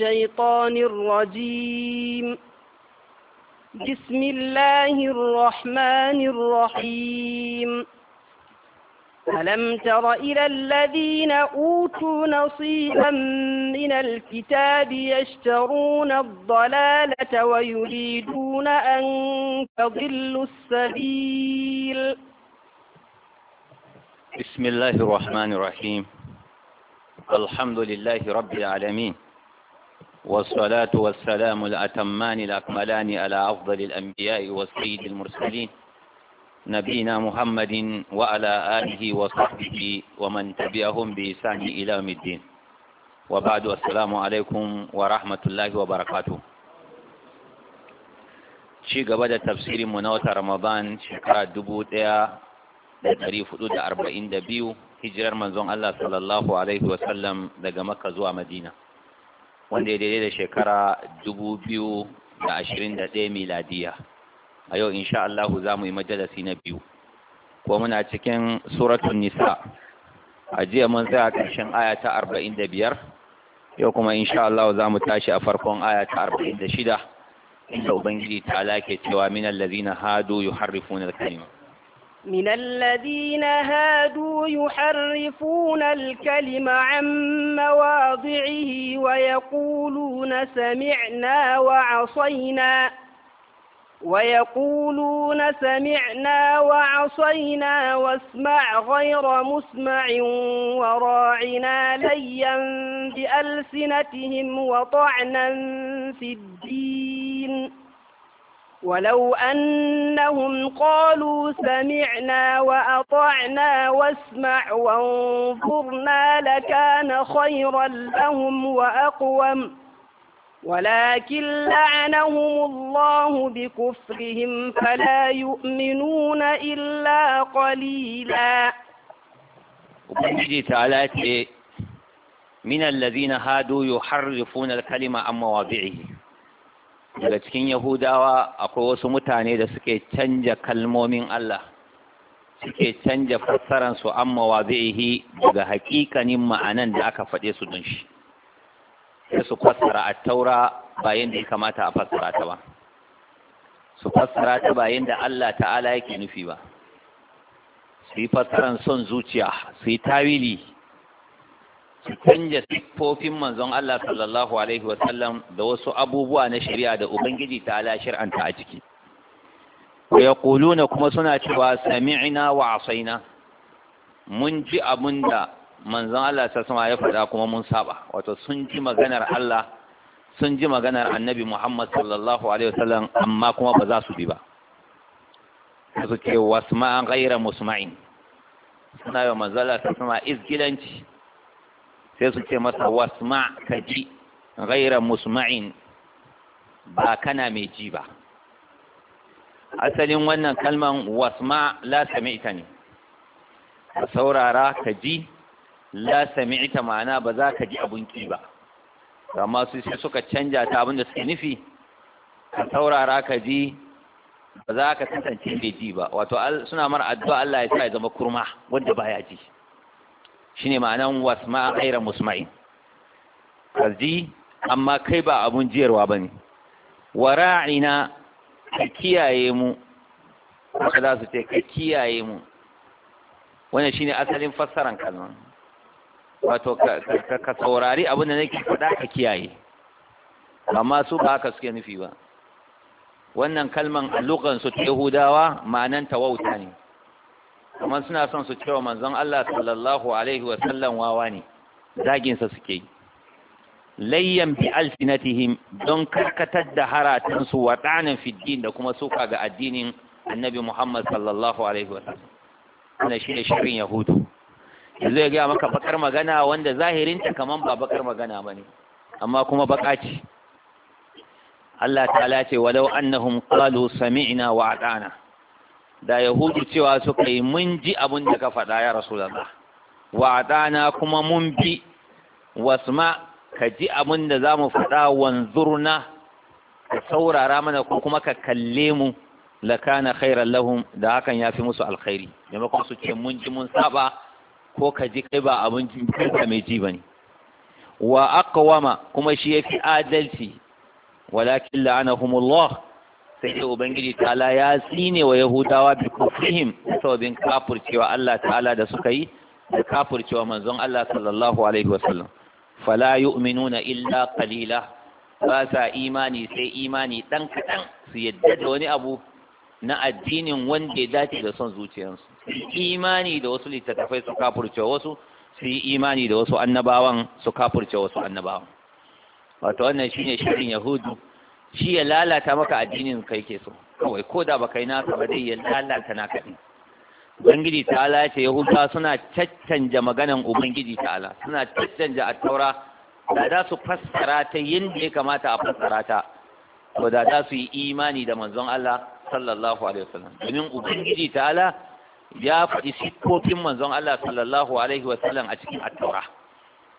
الشيطان الرجيم بسم الله الرحمن الرحيم ألم تر إلى الذين أوتوا نصيبا من الكتاب يشترون الضلالة ويريدون أن تضلوا السبيل بسم الله الرحمن الرحيم الحمد لله رب العالمين والصلاة والسلام الأتمان الأكملان على أفضل الأنبياء والسيد المرسلين نبينا محمد وعلى آله وصحبه ومن تبعهم بإحسان إلى يوم الدين وبعد السلام عليكم ورحمة الله وبركاته ci gaba da tafsirin mu na wata Ramadan shekara dubu ɗaya da ɗari hudu da arba'in da biyu hijirar manzon Allah sallallahu alaihi wasallam daga Makka zuwa Madina. wanda ya daidai da shekara dubu biyu da ashirin da ɗaya miladiya a yau insha Allahu za mu yi majalasi na biyu kuma muna cikin suratun nisa a jiya mun tsaya ƙarshen aya ta arba'in da biyar yau kuma insha Allahu za mu tashi a farkon aya ta arba'in da shida inda ubangiji ta lake cewa min allazina hadu yuharrifuna al-kalima من الذين هادوا يحرفون الكلم عن مواضعه ويقولون سمعنا وعصينا ويقولون سمعنا وعصينا واسمع غير مسمع وراعنا ليا بألسنتهم وطعنا في الدين ولو أنهم قالوا سمعنا وأطعنا واسمع وانظرنا لكان خيرا لهم وأقوم ولكن لعنهم الله بكفرهم فلا يؤمنون إلا قليلا وبنجي تعالى من الذين هادوا يحرفون الكلمة عن مواضعه daga cikin yahudawa akwai wasu mutane da suke canja kalmomin Allah suke canja fassaransu amma wa daga hakikanin ma'anan da aka faɗe su don shi sai su fassara a taura bayan da ya kamata a fassara ta ba su fassara ta bayan da Allah ta'ala yake nufi ba su yi fassaran son zuciya su yi tawili su canja siffofin manzon Allah sallallahu alaihi wasallam da wasu abubuwa na shari'a da ubangiji ta ala shir'anta a ciki yaquluna kuma suna cewa sami'na wa asaina mun ji abunda manzon Allah sallallahu alaihi ya faɗa kuma mun saba wato sun ji maganar Allah sun ji maganar Annabi Muhammad sallallahu alaihi wasallam amma kuma ba za su bi ba su ce wasma'a ghaira musma'in suna yi manzon Allah sallallahu alaihi izgilanci sai su ce masa wasma ka ji ghaira musma'in ba kana mai ji ba asalin wannan kalman wasma la sami'ta ne ka saurara ka ji la sami'ta ma'ana ba za ka ji abun ki ba amma su sai suka canja ta abin da suke nufi ka saurara ka ji ba za ka kasance mai ji ba wato suna mara addu'a Allah ya sa ya zama kurma wanda baya ji shine ma'anan wasma ghaira musma'in kaji amma kai ba abun jiyarwa ba wa wara'ina ka kiyaye mu haka za su ce ka kiyaye mu wannan shine asalin fassaran kalma wato ka saurari abin da nake faɗa ka kiyaye amma su ba haka suke nufi ba wannan kalman allukansu ta yahudawa ma'anan wauta ne kamar suna son su cewa manzon Allah sallallahu alaihi wa sallam wawa ne zagin sa suke layyan bi alsinatihim don karkatar da haratan su wa danin fiddin da kuma suka ga addinin annabi Muhammad sallallahu alaihi wa sallam wannan shine shirin yahudu yanzu ya ga maka bakar magana wanda zahirinta kaman ba bakar magana bane amma kuma baka ce Allah ta'ala ce walau annahum qalu sami'na wa ata'na da yahudu cewa suka yi mun ji abin da ka faɗa ya rasulallah wa na kuma mun bi wasma ka ji abin da za mu faɗa wanzurna ka saurara mana ko kuma ka kalle mu lakana khairan lahum da hakan ya fi musu alkhairi maimakon su ce mun ji mun saba ko ka ji kai ba abin ka mai ji bane wa aqwama kuma shi yafi adalci walakin la'anahumullah sai dai ubangiji ta'ala ya tsine wa yahudawa bi kufrihim sababin kafurcewa Allah ta'ala da suka yi da kafurcewa manzon Allah sallallahu alaihi wasallam fala yu'minuna illa qalila ba sa imani sai imani dan kadan su yadda da wani abu na addinin wanda ya dace da son zuciyarsu imani da wasu littattafai su kafurcewa wasu su yi imani da wasu annabawan su kafurce wasu annabawan wato wannan shine shirin yahudu shi ya lalata maka addinin kai ke so kawai ko da baka yi naka ba zai ya lalata naka din ubangiji ta'ala ce yahuda suna caccanja maganan ubangiji ta'ala suna caccanja a taura da za su fassara ta yadda ya kamata a fassara ta to da za su yi imani da manzon Allah sallallahu alaihi wasallam domin ubangiji ta'ala ya faɗi siffofin manzon Allah sallallahu alaihi wasallam a cikin at-taura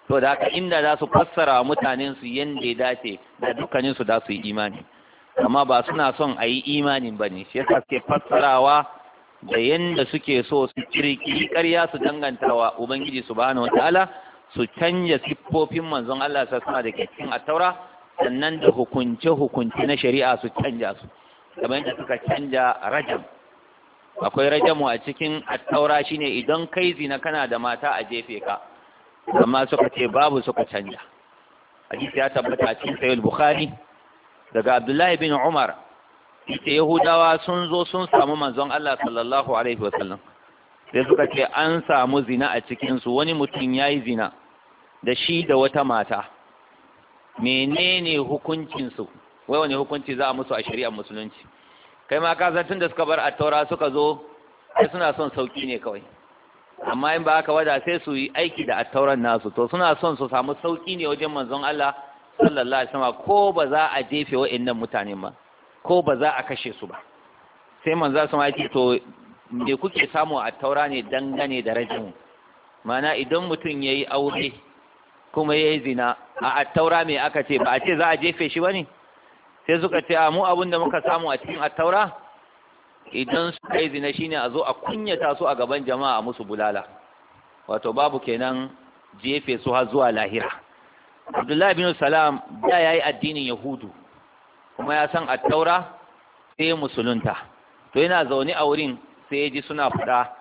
to da haka inda za su fassara mutanen su yanda ya dace da dukkanin su da su yi imani amma ba suna son a yi imanin ba ne shi yasa suke fassarawa da yanda suke so su kirki ƙarya su dangantawa ubangiji subhanahu wataala su canja siffofin manzon Allah sa suna da a attaura sannan da hukunce hukunce na shari'a su canja su kamar yadda suka canja rajam akwai rajamu a cikin attaura shine idan kai zina kana da mata a jefe ka amma suka ce babu suka canja hadisi ya tabbata a cikin sahih bukhari daga abdullahi bin umar ita yahudawa sun zo sun samu manzon Allah sallallahu alaihi wasallam sai suka ce an samu zina a cikin su wani mutum yayi zina da shi da wata mata menene hukuncin su wai wani hukunci za a musu a shari'ar musulunci kai ma ka tun da suka bar a taura suka zo sai suna son sauki ne kawai amma in ba haka wada sai su yi aiki da attauran nasu to suna son su samu sauki ne wajen manzon Allah sallallahu alaihi wasallam ko ba za a jefe wa'annan mutanen ba ko ba za a kashe su ba sai manzon sama yake to me kuke samu a taura ne dangane da rajin mana idan mutum yayi aure kuma yayi zina a attaura me aka ce ba a ce za a jefe shi bane sai suka ce a mu abin da muka samu a cikin attaura idan suka yi zina shine a zo a kunyata su a gaban jama'a a musu bulala wato babu kenan jefe su har zuwa lahira abdullahi bin salam da ya yi addinin yahudu kuma ya san attaura sai musulunta to yana zaune a wurin sai ya ji suna fada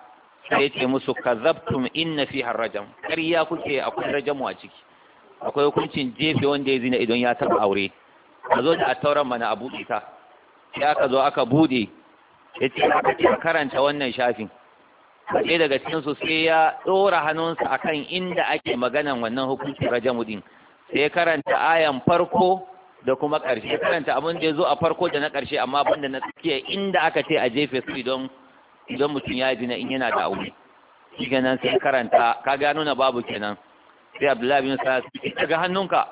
sai ya ce musu kazabtum inna fi harrajam ƙarya kuke akwai rajamu a ciki akwai hukuncin jefe wanda ya zina idan ya taɓa aure a zo da attauran mana a buɗe ta sai zo aka buɗe Ya ce ce karanta wannan shafin sai daga cikin su sai ya ɗora hannunsa akan inda ake maganan wannan hukuncin rajamudin din sai karanta ayan farko da kuma ƙarshe karanta abin da ya zo a farko da na ƙarshe amma banda na tsakiya inda aka ce a jefe su idan idan mutum ya ji na in yana da aure shi kenan sai karanta ka gano na babu kenan sai abdullahi bin sa sai daga hannunka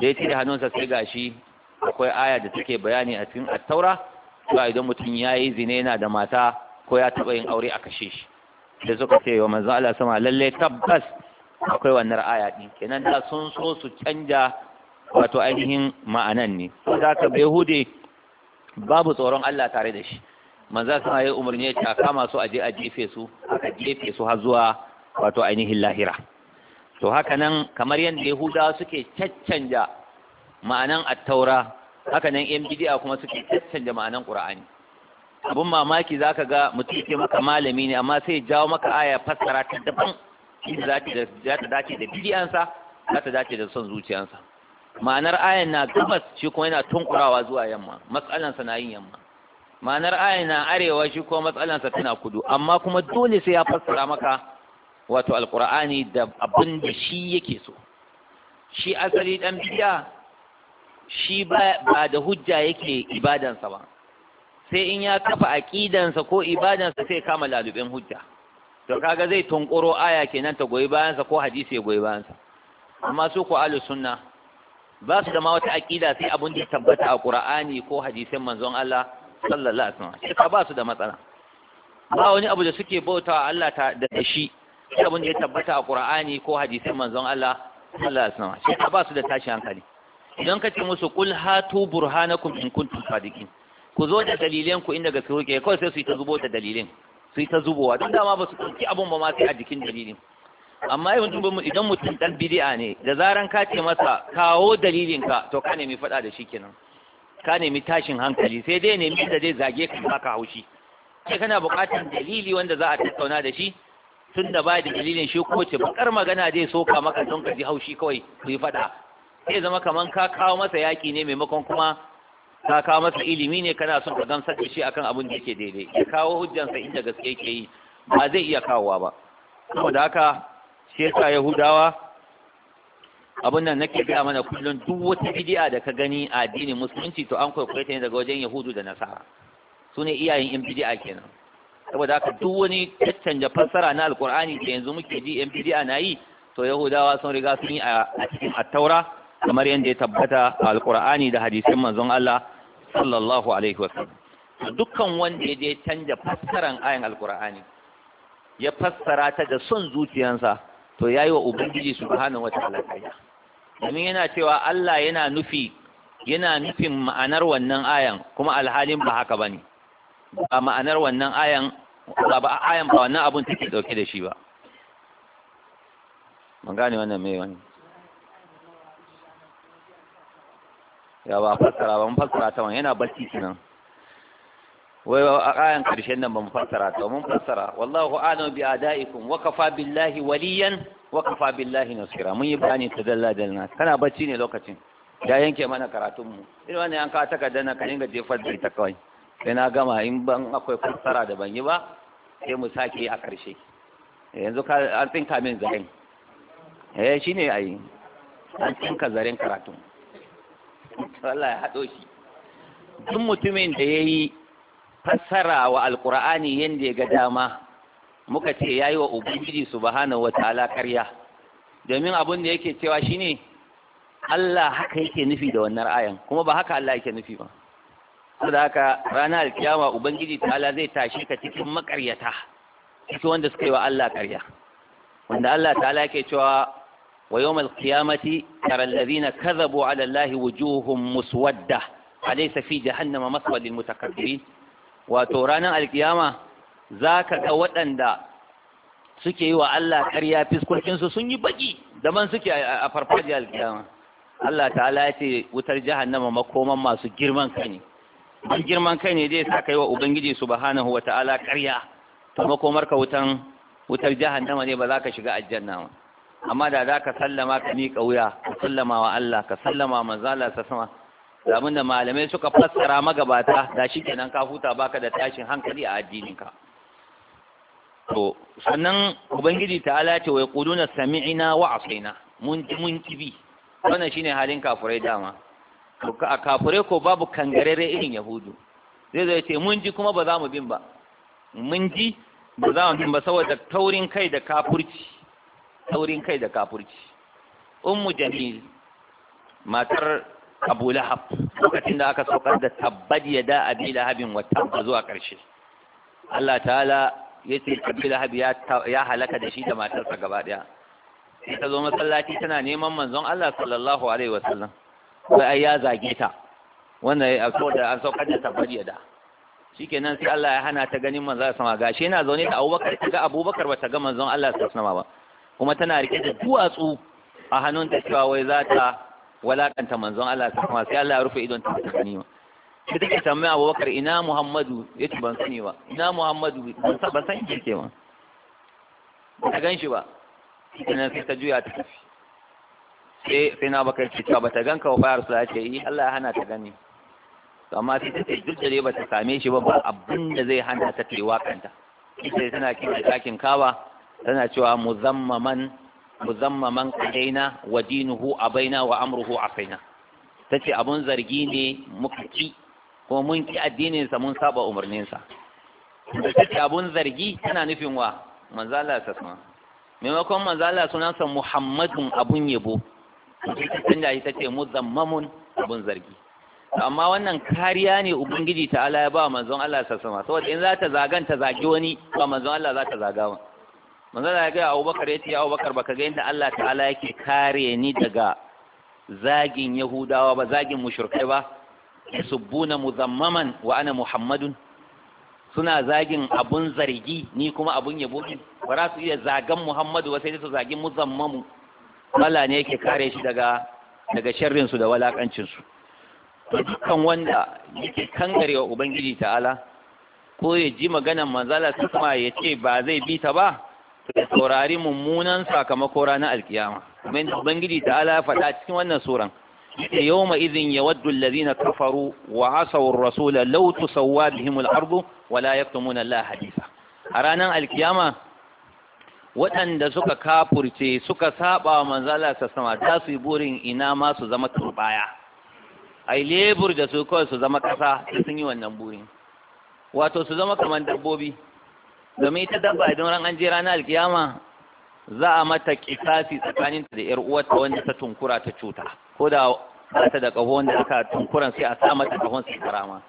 da ya ce hannunsa sai gashi akwai aya da take bayani a cikin at-taura cewa idan mutum ya yi zine yana da mata ko ya taɓa yin aure a kashe shi da suka ce wa manzo Allah sama lalle tabbas akwai wannan aya din kenan da sun so su canja wato ainihin ma'anan ne saboda ka hude babu tsoron Allah tare da shi manzo sama ya umarni ya ta kama su aje a jefe su aka jefe su har zuwa wato ainihin lahira to haka nan kamar yadda yahudawa suke caccanja ma'anan taura. haka nan yan bidiya kuma suke da ma'anan qur'ani Abin mamaki zaka ga mutum ke maka malami ne amma sai jawo maka aya fassara ta daban inda za ta dace da bid'ansa za ta dace da son zuciyansa ma'anar ayan na gabas shi kuma yana tunkurawa zuwa yamma matsalansa na yin yamma ma'anar ayan na arewa shi kuma matsalansa tana kudu amma kuma dole sai ya fassara maka wato alkur'ani da abin da shi yake so shi asali dan biya shi ba da hujja yake ibadansa ba sai in ya kafa aƙidansa ko ibadansa sai kama lalubin hujja to kaga zai tunkuro aya kenan ta goyi bayansa ko hadisi ya goyi bayansa amma su ko ahlus sunna ba su da ma wata aƙida sai abun da tabbata a Qur'ani ko hadisin manzon Allah sallallahu alaihi wasallam sai ba su da matsala ba wani abu da suke bautawa Allah ta da shi sai abun da ya tabbata a Qur'ani ko hadisin manzon Allah sallallahu alaihi wasallam sai ba su da tashi hankali idan ka ce musu kul hatu burhanakum in kuntum sadiqin ku zo da dalilan ku inda gaske kuke kawai sai su yi ta zubo da dalilin su yi ta zubowa don dama ba su kunci abun ba ma sai a jikin dalilin amma idan mutum dan bid'a ne da zaran ka ce masa kawo dalilin ka to ka nemi faɗa da shi kenan ka nemi tashin hankali sai dai nemi da zai zage ka baka haushi sai kana buƙatar dalili wanda za a tattauna da shi tun da ba da dalilin shi ko ce bakar magana zai soka maka don ka ji haushi kawai ku yi faɗa sai zama kamar ka kawo masa yaki ne maimakon kuma ka kawo masa ilimi ne kana son ka gamsar da shi akan abin da yake daidai ya kawo hujjansa inda gaske yake yi ba zai iya kawowa ba saboda haka shi yasa yahudawa abin nan nake gaya mana kullum duk wata bid'a da ka gani a addinin musulunci to an kwaikwaye ta ne daga wajen yahudu da nasara su ne iyayen yan bid'a kenan saboda haka duk wani caccanja fassara na alkur'ani da yanzu muke ji yan bid'a na yi to yahudawa sun riga sun yi a cikin attaura kamar yadda ya tabbata a alkur'ani da hadisin manzon Allah sallallahu alaihi wasallam dukkan wanda ya je canja fassaran ayan alkur'ani ya fassara ta da son zuciyansa to yayi wa ubangiji subhanahu wataala kaya domin yana cewa Allah yana nufi yana nufin ma'anar wannan ayan kuma alhalin ba haka bane ba ma'anar wannan ayan ba ayan ba wannan abun take dauke da shi ba mun gane wannan mai wannan ya ba fassara ba mun fassara ta wani yana barci kenan wai a kayan karshen nan ba mun fassara ta mun fassara wallahu a'lamu bi adaikum wa kafa billahi waliyan wa kafa billahi nasira mun yi bayani ta dalla dalla kana barci ne lokacin ya yanke mana karatun mu irin wannan an ka takarda na ka dinga jefar da ita kawai sai na gama in ban akwai fassara da ban yi ba sai mu sake a karshe eh, yanzu an tsinka min zaren eh shine ayi an tsinka zaren karatun Allah ya haɗo shi duk mutumin da ya yi fassara wa alkur'ani yadda ya ga dama muka ce ya yi wa ubangiji su subhanahu wataala karya domin abin da yake cewa shi ne Allah haka yake nufi da wannan ayan kuma ba haka Allah yake nufi ba saboda haka ranar alkiyama ubangiji ta'ala zai tashi ka cikin makaryata cikin wanda suka yi wa Allah karya wanda Allah ta'ala yake cewa ويوم القيامة ترى الذين كذبوا على الله وجوههم مسودة أليس في جهنم مثوى للمتكبرين وتورانا القيامة ذاك قوتن دا سكي وألا كريا فيسكول كنسو سني بجي دمان سكي أفرفاجي القيامة الله تعالى يتي وتر جهنم مكوما ما سجرمان كني an girman kai ne zai sa kai wa ubangiji subhanahu wata'ala ƙarya to makomar ka wutan wutar jahannama ne ba za ka shiga aljanna ba amma da za ka sallama ka miƙa wuya ka sallama wa Allah ka sallama manzala ta sama da da malamai suka fassara magabata da shi kenan ka huta baka da tashin hankali a addininka to sannan ubangiji ta'ala ce wai quluna sami'ina wa asaina mun mun kibi wannan shine halin kafurai dama to a kafurai ko babu kangarere irin yahudu zai zai ce mun ji kuma ba za mu bin ba mun ji ba za mu bin ba saboda taurin kai da kafurci taurin kai da kafurci ummu jamil matar abu lahab lokacin da aka saukar da tabbad ya da abi lahabin wa tabba zuwa ƙarshe Allah ta'ala ya ce abi lahab ya halaka da shi da matarsa gaba ɗaya sai ta zo masallaci tana neman manzon Allah sallallahu alaihi wasallam sai ai ya zage ta wannan ya so da an saukar da tabbad ya da shikenan sai Allah ya hana ta ganin manzon sama gashi yana zaune da Abubakar ta ga Abubakar ba ta ga manzon Allah sallallahu alaihi wasallam ba kuma tana rike da duwatsu a hannunta cewa wai za ta walakanta manzon Allah ta kuma sai Allah ya rufe idon ta ta sani shi take tambaya Abubakar ina Muhammadu yace ban sani ba ina Muhammadu ban san ban san yake ba ta ganshi ba sannan sai ta juya ta tafi sai sai na baka ce cewa bata ganka ba fayar su ce yi eh, Allah ya hana ta gani amma sai ta ce duk da dai ta same shi ba ba abin da zai hana ta tewa kanta sai tana kira ɗakin kawa tana cewa muzammaman muzammaman alaina wa dinuhu abaina wa amruhu Ta tace abun zargi ne muka ki ko mun ki addinin sa mun saba umarnin sa tace abun zargi tana nufin wa manzo Allah sasma maimakon manzo Allah sunan sa Muhammadun abun yabo tunda ita ce muzammamun abun zargi amma wannan kariya ne ubangiji ta Allah ya ba manzon Allah sasma saboda in za ta zaganta zagi wani ba manzon Allah za ta zaga wani manzon ya ga Abubakar ya ce Abubakar baka ga yadda Allah ta'ala yake kare ni daga zagin Yahudawa ba zagin mushrikai ba yasubbuna muzammaman wa ana Muhammadun suna zagin abun zargi ni kuma abun yabo ne ba za su iya zagan Muhammadu ba sai su zagin muzammamu Allah ne yake kare shi daga daga sharrin su da walakancin su dukkan wanda yake kangarewa ubangiji ta'ala ko ya ji maganar manzala su ya ce ba zai bi ta ba ya saurari mummunan sakamako ranar alkiyama kuma inda ubangiji ta ala faɗa cikin wannan suran yace ya idhin yawaddu alladhina kafaru wa asaw ar-rasul law tusawwa bihim al-ardu wa la yaktumuna Allah haditha a ranar alkiyama waɗanda suka kafurce suka saba manzo Allah sama ta su burin ina ma su zama turbaya ai lebur da su kawai su zama kasa sun yi wannan burin wato su zama kamar dabbobi domin ita dabba idan ran an je ranar alkiyama za a mata kisasi tsakanin da yar uwarta wanda ta tunkura ta cuta ko da ba ta da kaho wanda aka tunkuran sai a sa mata kahon sai karama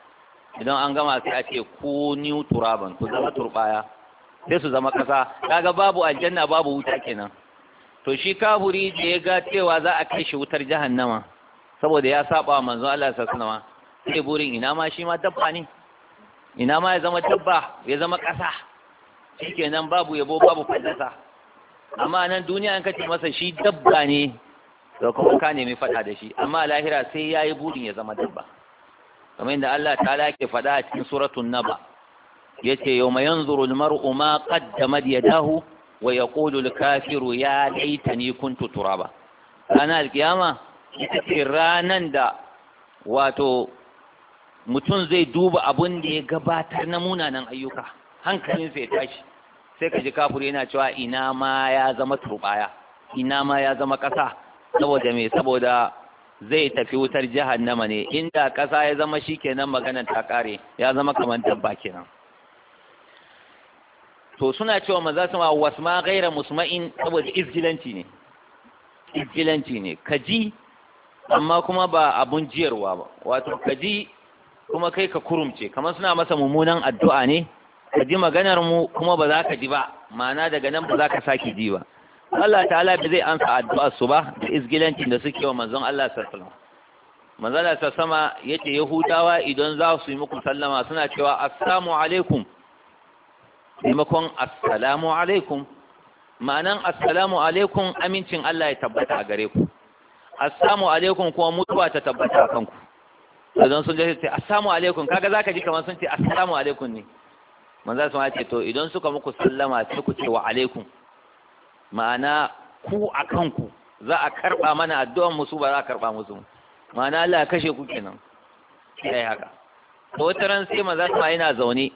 idan an gama sai a ce ku new turaban ku zama turbaya sai su zama kasa kaga babu aljanna babu wuta kenan to shi kafuri da ya ga cewa za a kai shi wutar jahannama saboda ya saba manzo Allah sallallahu alaihi sai burin ina ma shi ma dabba ne ina ma ya zama dabba ya zama kasa shikenan babu yabo babu fallasa amma nan duniya an kace masa shi dabba ne to kuma ka nemi fada da shi amma lahira sai yayi burin ya zama dabba kamar yadda Allah ta'ala yake fada a cikin suratul naba yace yawma yanzuru al-mar'u ma qaddamat yadahu wa yaqulu al-kafiru ya laitani kuntu turaba Rana alkiyama ce ranan da wato mutum zai duba abin da ya gabatar na munanan ayyuka hankalinsa ya tashi sai ka ji kafuri yana cewa ina ma ya zama turbaya ina ma ya zama ƙasa saboda me saboda zai tafi wutar jahannama ne inda ƙasa ya zama shi kenan maganar ta ƙare ya zama kamar dabba kenan to suna cewa maza su ma wasma gaira musma'in saboda izgilanci ne izgilanci ne kaji amma kuma ba abun jiyarwa ba wato kaji kuma kai ka kurumce kamar suna masa mummunan addu'a ne ka ji maganar mu kuma ba za ka ji ba ma'ana daga nan ba za ka sake ji ba Allah ta'ala bai zai amsa addu'ar su ba da izgilancin da suke wa manzon Allah sallallahu alaihi wasallam manzon Allah sallallahu alaihi yace yahudawa idan za su yi muku sallama suna cewa assalamu alaikum maimakon assalamu alaikum ma'anan assalamu alaikum amincin Allah ya tabbata a gare ku assalamu alaikum kuma mutuwa ta tabbata a kanku idan sun ce assalamu alaikum kaga zaka ji kamar sun ce assalamu alaikum ne Man su ma ce to idan suka muku sallama sai ku ce wa alaikum ma'ana ku a kanku za a karɓa mana addu'an musu ba za a karɓa musu ma'ana Allah kashe ku kenan sai haka to wata ran sai su ma yana zaune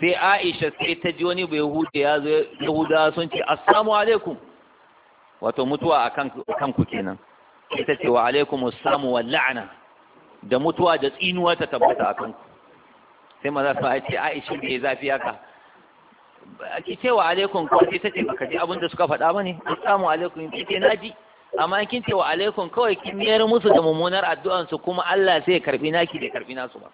sai Aisha sai ta ji wani bai hude ya zo Yahuda sun ce assalamu alaikum wato mutuwa a kanku kenan ita ce wa alaikum assalamu wal la'na da mutuwa da tsinuwa ta tabbata a kanku sai maza su ce ishi ne zafi haka ake cewa alaikun kawai ta ce baka ji abin da suka faɗa ba ne samu alaikun ki ce na ji amma in kin ce wa alaikum kawai kin miyar musu da mummunar addu'an su kuma Allah sai ya karbi naki da karbi nasu ba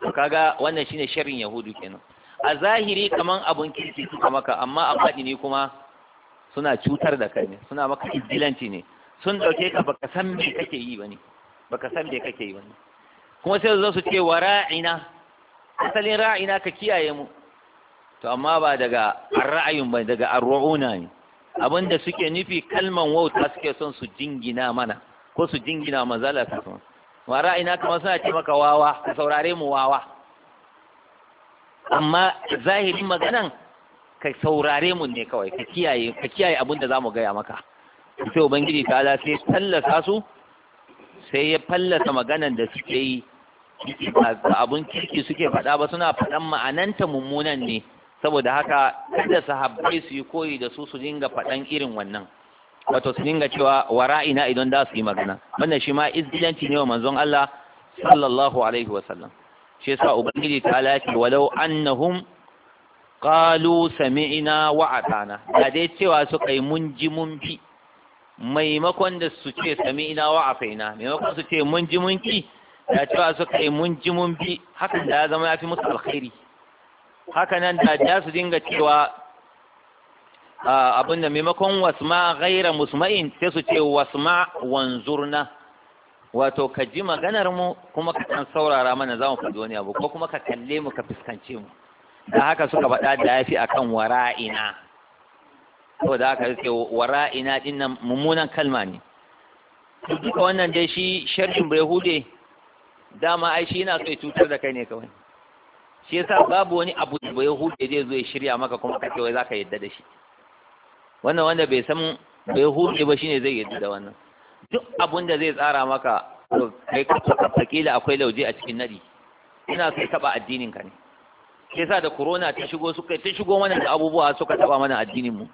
to kaga wannan shine sharrin yahudu kenan a zahiri kaman abun kirki suka maka amma a faɗi ne kuma suna cutar da kai ne suna maka idilanci ne sun dauke ka baka san me kake yi bane baka san me kake yi bane kuma sai zo su ce wa ra'ina asalin ra'ina ka kiyaye mu to amma ba daga ra'ayin ba daga arru'una ne abinda suke nufi kalman wauta suke son su jingina mana ko su jingina manzala ta son wa ra'ina kamar suna ce maka wawa ka saurare mu wawa amma zahirin maganan ka saurare mu ne kawai ka kiyaye ka kiyaye abin da zamu gaya maka sai ubangiji ta ala sai tallasa su sai ya fallasa maganan da suke yi abun kirki suke faɗa ba suna faɗan ma'ananta mummunan ne saboda haka kada sahabbai su yi koyi da su su dinga faɗan irin wannan wato su dinga cewa wara'ina idan za su yi magana wannan shi ma izgilanci ne wa manzon Allah sallallahu alaihi wasallam shi yasa ubangiji ta lati walau annahum qalu sami'na wa atana da dai cewa su kai mun ji mun fi maimakon da su ce sami'na wa afaina maimakon su ce mun ji mun ki da cewa suka yi mun ji mun bi hakan da ya zama ya fi musu alkhairi haka nan da ya su dinga cewa abin da maimakon wasma gaira musma'in sai su ce wasma wanzurna wato ka ji maganar mu kuma ka kan saurara mana za mu faɗi wani abu ko kuma ka kalle mu ka fuskance mu da haka suka faɗa da ya a akan wara'ina da haka suke wara'ina dinnan nan mummunan kalma ne duka wannan dai shi sharhin bai hude dama ai shi yana so ya cutar da kai ne kawai shi yasa babu wani abu da bai hude zai zo ya shirya maka kuma ka ce zaka yadda da shi wannan wanda bai san bai hude ba shine zai yadda da wannan duk abun da zai tsara maka to kai ka fakila akwai lauje a cikin nadi ina so taba addinin ka ne shi yasa da corona ta shigo suka ta shigo mana da abubuwa suka taba mana addinin mu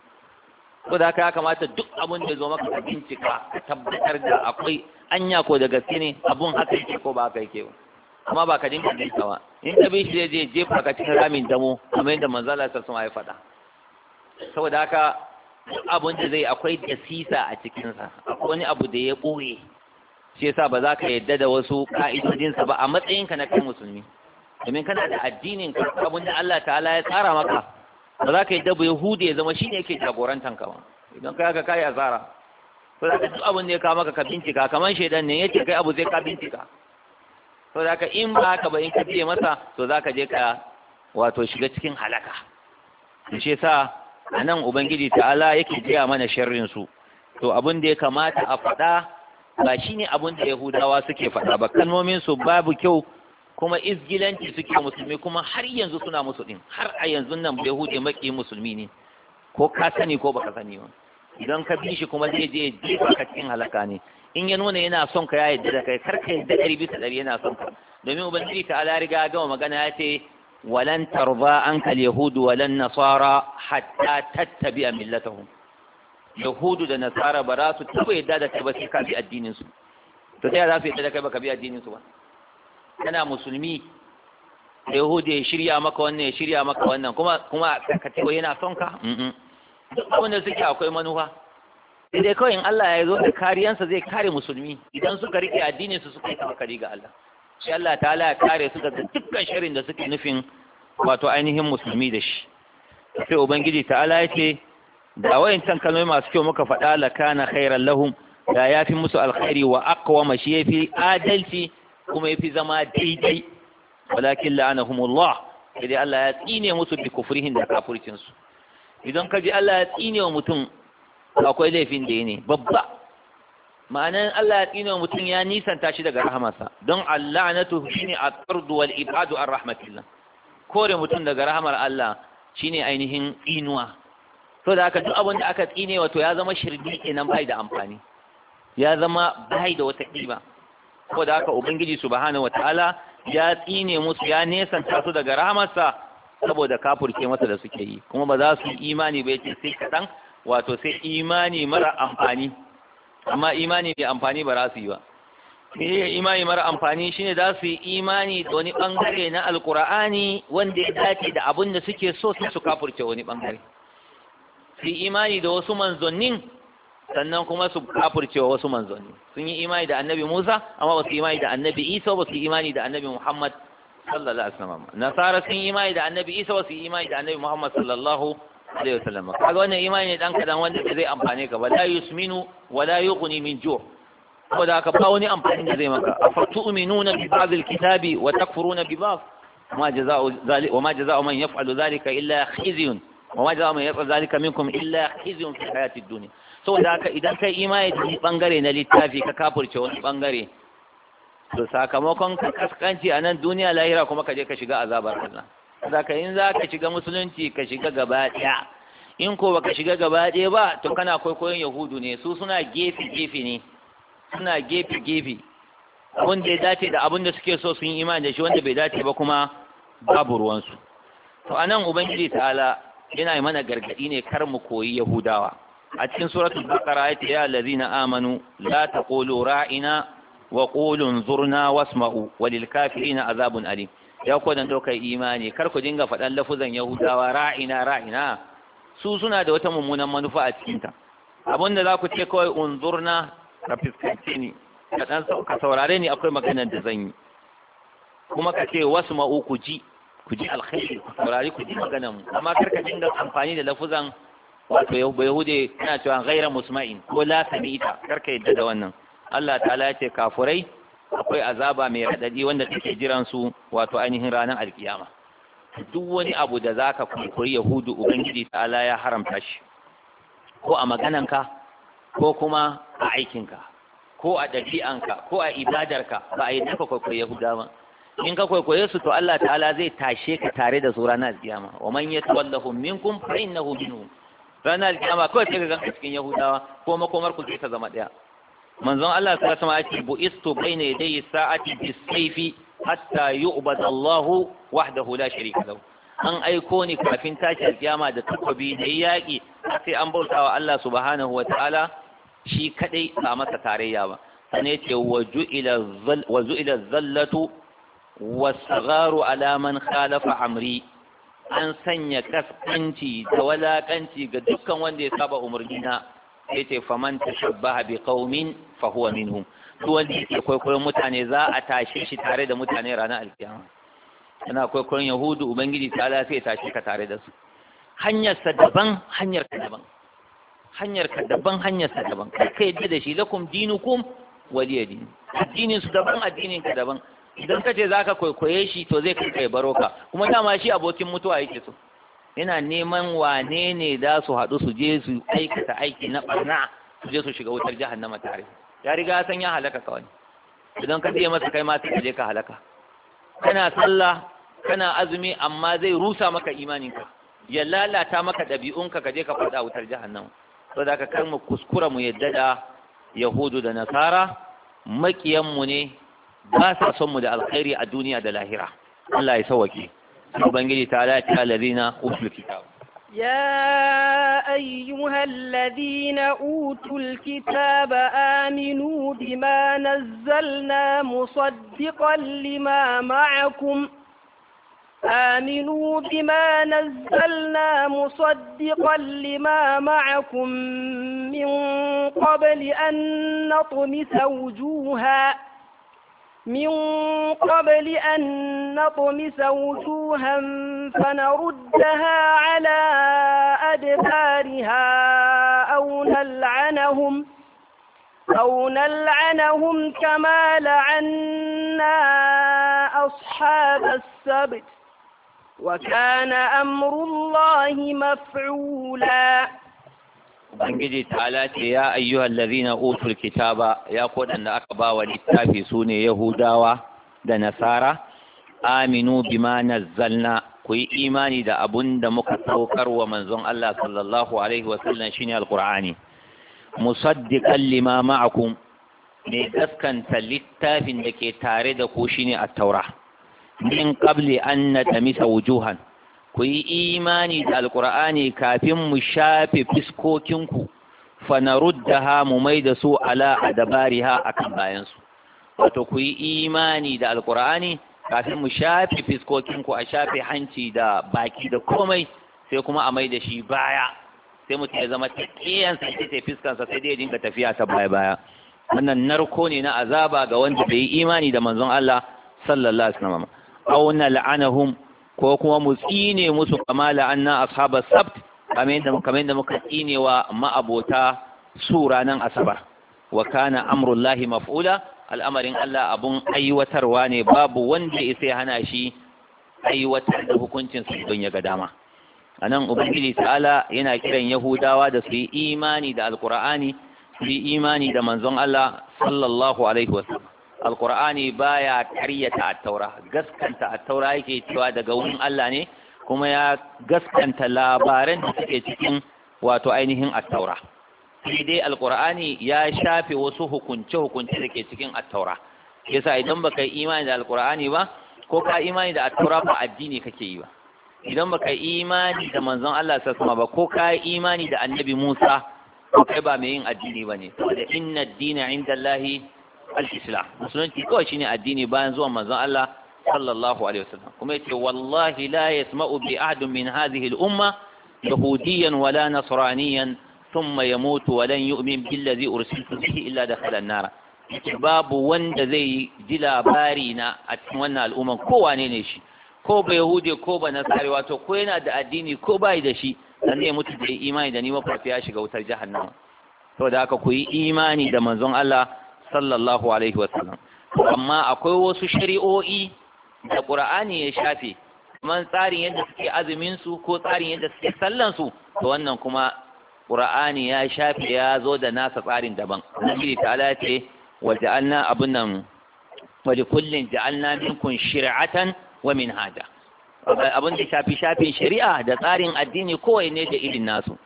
ko da haka ya kamata duk abin da zo maka ka bincika ka tabbatar da akwai anya ko da gaske ne abun haka yake ko ba haka yake ba amma ba ka dinga bincika ba in ka bi shi zai je jefa ka cikin ramin damo kamar yadda manzala ta sama ya faɗa saboda haka duk da zai akwai dasisa a cikinsa akwai wani abu da ya ɓoye shi yasa ba za ka yadda da wasu ka'idodinsa ba a matsayinka na kan musulmi domin kana da addinin ka abun da Allah ta'ala ya tsara maka ba za ka yi dabu yahudu ya zama shine yake jagorantan ka ba idan kai haka kai azara to duk abin da ya kama maka ka bincika kamar shaidan ne yace kai abu zai ka bincika to za ka in ba ka ba in ka biye masa to za ka je ka wato shiga cikin halaka shi a nan ubangiji ta'ala yake jiya mana sharrin su to abin da ya kamata a faɗa ba shine abin da yahudawa suke faɗa ba kalmomin su babu kyau kuma izgilanci suke musulmi kuma har yanzu suna musulmi. har a yanzu nan bai huje maki musulmi ne ko ka sani ko baka sani ba idan ka bi shi kuma zai je jefa ka cikin halaka ne in ya nuna yana son ka ya yadda da kai kar ka yarda ɗari bisa ɗari yana son ka domin ubangiji ta ala riga gama magana ya ce walan tarba kal yahudu walan nasara hatta a millatahum yahudu da nasara ba za su taba yadda da kai ba sai ka bi addinin su to sai za su yadda da kai ba ka bi addinin su ba kana musulmi da yahudi ya shirya maka wannan ya shirya maka wannan kuma kuma ka ce yana son ka duk abin da suke akwai manufa sai dai kawai in Allah ya zo da kariyansa zai kare musulmi idan suka rike addinin su suka yi tawakkali ga Allah shi Allah ta'ala ya kare su daga dukkan sharrin da suke nufin wato ainihin musulmi da shi sai ubangiji ta'ala ya ce da wayancan kalmomi masu kyau muka faɗa la kana khairan lahum da ya fi musu alkhairi wa aqwa ma shi yafi adalci kuma yafi zama daidai walakin la'anahumullah sai dai Allah ya tsine musu bi kufrihin da kafircin su idan ka ji Allah ya tsine wa mutum akwai laifin da ne babba ma'anan Allah ya tsine wa mutum ya nisanta shi daga rahamarsa don Allah na shine at-tardu wal ibadu ar rahmatillah kore mutum daga rahamar Allah shine ainihin tsinuwa to da aka duk abin da aka tsine wato ya zama shirgi kenan bai da amfani ya zama bai da wata ƙima da haka ubangiji subhanahu wataala ya tsine musu ya nesanta su daga rahamarsa saboda kafurce masa da suke yi kuma ba za su yi imani ba yake sai kaɗan wato sai imani mara amfani amma imani mai amfani ba za su yi ba sai imani mara amfani shine za su yi imani da wani bangare na alkur'ani wanda ya dace da abin da suke so su kafurce wani bangare su imani da wasu manzannin sannan kuma su kafurcewa wasu manzanni sun yi imani da annabi Musa amma ba su imani da annabi Isa ba su imani da annabi Muhammad sallallahu alaihi wasallam nasara sun yi imani da annabi Isa ba su imani da annabi Muhammad sallallahu alaihi wasallam kaga wannan imani ne dan kadan wanda zai amfane ka wala yusminu wala yughni min ju' ko da ka ba wani amfani da zai maka afa tu'minuna bi ba'd al-kitabi wa takfuruna bi ba'd ma jazaa'u zalika wa ma jazaa'u man yaf'alu zalika illa khizyun wa ma jazaa'u man yaf'alu zalika minkum illa khizyun fi hayatid saboda haka idan kai imani da bangare na littafi ka kafurce wani bangare to sakamakon ka kaskanci a nan duniya lahira kuma ka je ka shiga azabar Allah ka in za ka shiga musulunci ka shiga gaba ɗaya in ko baka shiga gaba ɗaya ba to kana kwaikwayon yahudu ne su suna gefe gefe ne suna gefe gefe wanda da ya dace da abin da suke so sun yi imani da shi wanda bai dace ba kuma babu ruwansu to anan ubangiji ta'ala yana mana gargadi ne kar mu koyi yahudawa a cikin suratul baqara ayati ya allazina amanu la taqulu ra'ina wa qulu anzurna wasma'u walil kafirina azabun alim ya ko dan dokai imani kar ku dinga faɗan lafuzan yahudawa ra'ina ra'ina su suna da wata mummunan manufa a cikin ta abinda za ku ce kawai unzurna ka fiskance ni ka dan ka saurare ni akwai maganar da zan yi kuma ka ce wasu ma'u ku ji ku ji alkhairi ku saurari ku ji maganar mu amma kar ka dinga amfani da lafuzan wato ba yahude yana cewa ghaira musma'in ko la sami'ita karka yadda da wannan Allah ta'ala ya ce kafurai akwai azaba mai radadi wanda take jiran su wato ainihin ranar alkiyama duk wani abu da zaka kunkuri yahudu ubangiji ta'ala ya haramta shi ko a magananka ko kuma a aikinka ko a ɗabi'anka ko a ibadarka ba a yi dafa kwaikwayo ba in ka kwaikwaye su to Allah ta'ala zai tashe ka tare da su ranar alkiyama wa man yatawallahum minkum fa innahu minhum ranar kiyama kawai sai ka ganka cikin yahudawa ko makomar ku ta zama daya manzon Allah sallallahu alaihi bai na ce bu'istu baina yadayi sa'ati bisayfi hatta yu'bad ubadallahu wahdahu la sharika lahu an aiko ni kafin tashi kiyama da takobi da yaƙi sai an bautawa Allah subhanahu wa shi kadai ba masa tarayya ba sanai ce wa zu'ila zallatu wa sagharu ala man khalafa amri an sanya kaskanci da walakanci ga dukkan wanda ya saba umarnina sai ce faman tashabbaha bi qaumin fa huwa minhum duk wanda yake kwaikwayon mutane za a tashe shi tare da mutane ranar alkiyama ana kwaikwayon yahudu ubangiji ta ala sai tashe ka tare da su hanyar sa daban hanyar ka daban hanyar ka daban hanyar sa daban kai ka da shi lakum dinukum waliyadin addinin su daban addinin ka daban idan ka ce za ka kwaikwaye shi to zai kai kai baro ka kuma dama shi abokin mutuwa yake so yana neman wane ne za su haɗu su je su aikata aiki na ɓarna su je su shiga wutar jahannama tare ya riga san ya halaka wani, idan ka je masa kai ma sai ka je ka halaka kana sallah kana azumi amma zai rusa maka imaninka ya lalata maka ɗabi'unka ka je ka faɗa wutar jahannama da ka kar mu kuskura mu yadda da yahudu da nasara makiyanmu ne باسا سمو دا الخيري الدنيا دا لاهرة الله يسوكي وبنجلي تعالى الذين أوتوا الكتاب يا أيها الذين أوتوا الكتاب آمنوا بما نزلنا مصدقا لما معكم آمنوا بما نزلنا مصدقا لما معكم من قبل أن نطمس وجوهاً من قبل أن نطمس وجوها فنردها على أدبارها أو نلعنهم أو نلعنهم كما لعنا أصحاب السبت وكان أمر الله مفعولا ubangiji ta'ala ce ya ayyuhal ladhina utul kitaba ya kodanda aka ba wa littafi sune yahudawa da nasara aminu bima nazzalna ku yi imani da abun da muka saukar wa manzon Allah sallallahu alaihi wasallam shine alqur'ani musaddiqan lima ma'akum mai gaskanta littafin da ke tare da ku shine at-taura min qabli an natamisa wujuhan ku yi imani da alkur'ani kafin mu shafe fiskokinku ha mu mai da su ala a ha a kan bayansu wato ku yi imani da alkur'ani kafin mu shafe fiskokinku a shafe hanci da baki da komai sai kuma a mai da shi baya sai mutum ya zama tsakiyansa ita ce fiskansa sai dai dinga tafiya ta baya baya wannan narko ne na azaba ga wanda bai yi imani da manzon Allah sallallahu alaihi wasallam aw nal'anahum ko kuma mu tsine musu kamala anna ashabar sabt kamar yadda muka tsine wa ma'abota su ranar asabar wa kana amrullahi maf'ula al'amarin Allah abun aiwatarwa ne babu wanda isa ya hana shi aiwatar da hukuncin su don ya ga dama anan ubangiji ta'ala yana kiran yahudawa da su yi imani da alkur'ani su yi imani da manzon Allah sallallahu alaihi wasallam alkur'ani baya karyata at gaskanta at yake cewa daga wurin Allah ne kuma ya gaskanta labaran da suke cikin wato ainihin at-taura sai dai alqur'ani ya shafe wasu hukunce hukunce da ke cikin at-taura yasa idan baka yi imani da alqur'ani ba ko ka imani da at ba addini kake yi ba idan baka yi imani da manzon Allah sallallahu ba ko ka yi imani da annabi Musa ko kai ba mai yin addini bane saboda inna ad-dina 'inda Allahi al-islam musulunci kawai shine addini bayan zuwan manzon Allah sallallahu alaihi wasallam kuma yace wallahi la yasma'u bi ahadin min hadhihi al-umma yahudiyan wala nasraniyan thumma yamutu wa lan yu'min billazi ursiltu bihi illa dakhala an-nar babu wanda zai ji labari na a cikin wannan al'umma ko wane ne shi ko ba yahude ko ba nasari wato ko yana da addini ko bai da shi dan ya mutu da imani da ni mafarfi ya shiga wutar jahannama saboda haka ku yi imani da manzon Allah sallallahu alaihi wasallam amma akwai wasu shari'o'i da qur'ani ya shafe man tsarin yadda suke azumin su ko tsarin yadda suke sallan su to wannan kuma qur'ani ya shafe ya zo da nasa tsarin daban nabi ta'ala ce wa ja'alna abun nan wa li kullin ja'alna minkum shir'atan wa minhaja Abun da shafi shafin shari'a da tsarin addini kowai ne da irin nasu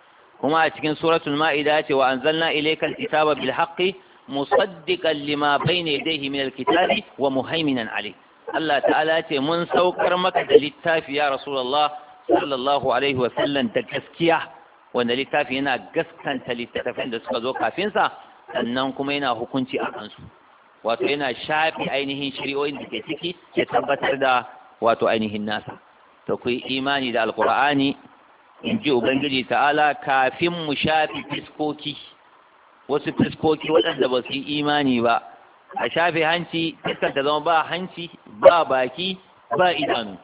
kuma a cikin suratul ma'ida ce wa anzalna ilaykal kitaba bil haqqi Musaddikan limafai ne dai min alkitabi wa muhaiminan Ali. Allah ta'ala ce mun saukar maka da littafi ya rasulullah sallallahu alaihi wa sallam da gaskiya wanda littafi yana gaskanta littafin da suka zo kafin sa sannan kuma yana hukunci a kansu wato yana shafi ainihin shari'o'in da ke ciki ya tabbatar da wato ainihin nasa to imani da alqur'ani in ji ubangiji ta'ala kafin mu shafi fiskoki wasu fuskoki waɗanda ba su yi imani ba a shafe hanci fiskar ta zama ba hanci ba baki ba idanu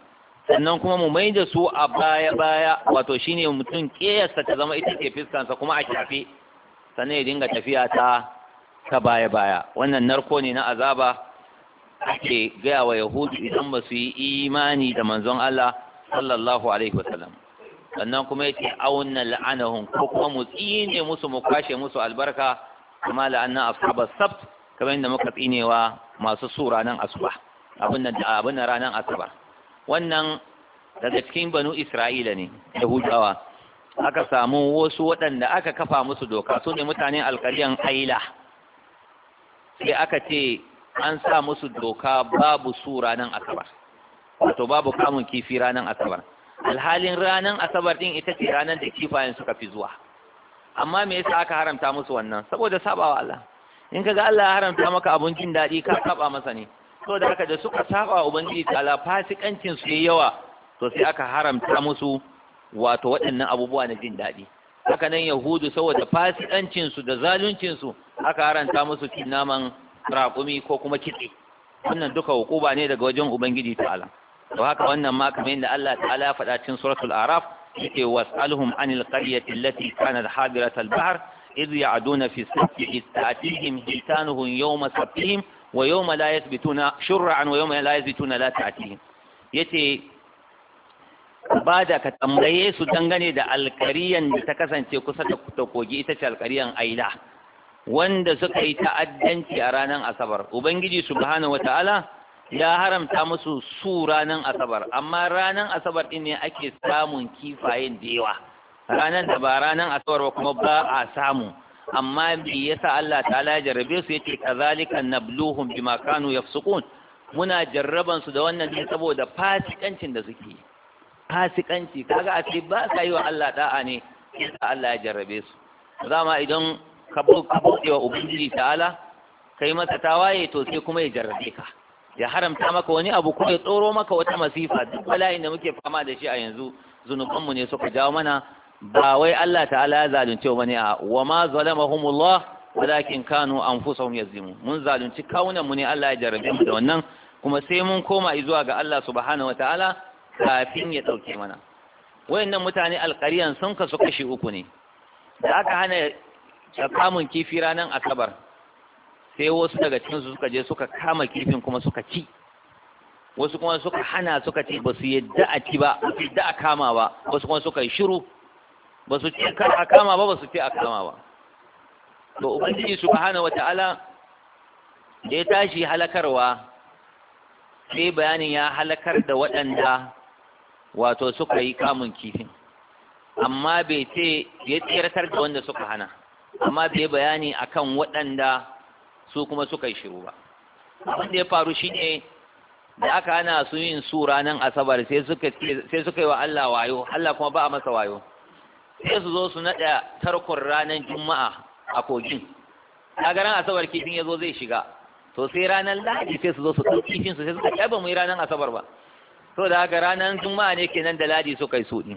sannan kuma mu mai da su a baya baya wato shine mutum kiyasta ta zama ita ce fuskansa kuma a shafe sannan ya dinga tafiya ta ta baya baya wannan narko ne na azaba ake gaya wa yahudu idan ba su yi imani da manzon Allah sallallahu alaihi wasallam sannan kuma yace auna la'anahum ko kuma mu tsine musu mu kwashe musu albarka kuma la'anna asuba sabt kamar inda muka tsinewa masu su ranar asuba abin da abin ranar asuba wannan daga cikin banu isra'ila ne yahudawa aka samu wasu waɗanda aka kafa musu doka su ne mutanen alƙaryan aila sai aka ce an sa musu doka babu su ranar asabar wato babu kamun kifi ranar asabar alhalin ranan asabar din ita ce ranar da kifayen suka fi zuwa amma me yasa aka haramta musu wannan saboda sabawa Allah in kaga Allah ya haramta maka abun jin daɗi ka saba masa ne to da haka da suka saba ubangiji ta'ala fasikancin su yayi yawa to sai aka haramta musu wato waɗannan abubuwa na jin daɗi haka nan yahudu saboda fasikancin su da zaluncin su aka haramta musu cin naman raƙumi ko kuma kitse wannan duka hukuma ne daga wajen ubangiji ta'ala to haka wannan ma kamar yadda Allah ta'ala ya faɗa cikin suratul araf yake was'alhum anil qaryati allati kanat hadirat al-bahr idh ya'duna fi as-sabti ta'tihim hitanuhum yawma sabtihim wa yawma la yathbituna shur'an wa yawma la yathbituna la ta'tihim yace ba da ka tambaye su dangane da alkariyan da ta kasance kusa da kogi ita ce aila wanda suka yi ta'addanci a ranar asabar ubangiji subhanahu ya haramta musu su ranan asabar amma ranan asabar din ne ake samun kifayen da yawa ranan da ba ranar asabar ba kuma ba a samu amma me yasa Allah ta'ala ya jarrabe su yace kazalika nabluhum bima kanu yafsukun muna jarraban su da wannan ne saboda fasikancin da suke fasikanci kaga a ce ba sa yi wa Allah da'a ne yasa Allah ya jarrabe su zama idan ka bauke wa ubangiji ta'ala kai masa tawaye to sai kuma ya jarrabe ka ya haramta maka wani abu ko ya tsoro maka wata masifa duk bala'in da muke fama da shi a yanzu zunubanmu ne suka jawo mana ba wai Allah ta'ala ya zalunce wani a wa ma zalamahumullah walakin kanu anfusahum yazlimun mun zalunci kawunan mu ne Allah ya jarabe mu da wannan kuma sai mun koma zuwa ga Allah subhanahu wataala kafin ya dauke mana wayannan mutane alƙaryan sun kasu kashi uku ne da aka hana kamun kifi ranan asabar sai wasu daga cikinsu su suka je suka kama kifin kuma suka ci wasu kuma suka hana suka ce ba su yadda a ci ba su yadda a kama ba wasu kuma suka yi shiru ba su ce kar a kama ba ba su ce a kama ba to ubangiji subhanahu wa da ya tashi halakarwa sai bayanin ya halakar da waɗanda wato suka yi kamun kifin amma bai ce ya tsirkar da wanda suka hana amma bai bayani akan waɗanda su kuma suka yi shiru ba abin da ya faru shine da aka ana su yin su ranar asabar sai suka yi wa Allah wayo Allah kuma ba a masa wayo sai su zo su naɗa tarkon ranar juma'a a kogin kaga ran asabar kifin ya zo zai shiga to sai ranar lahadi sai su zo su ɗau kifin su sai suka kai ba mu yi ranar asabar ba to da haka ranar juma'a ne kenan da lahadi suka yi su ɗin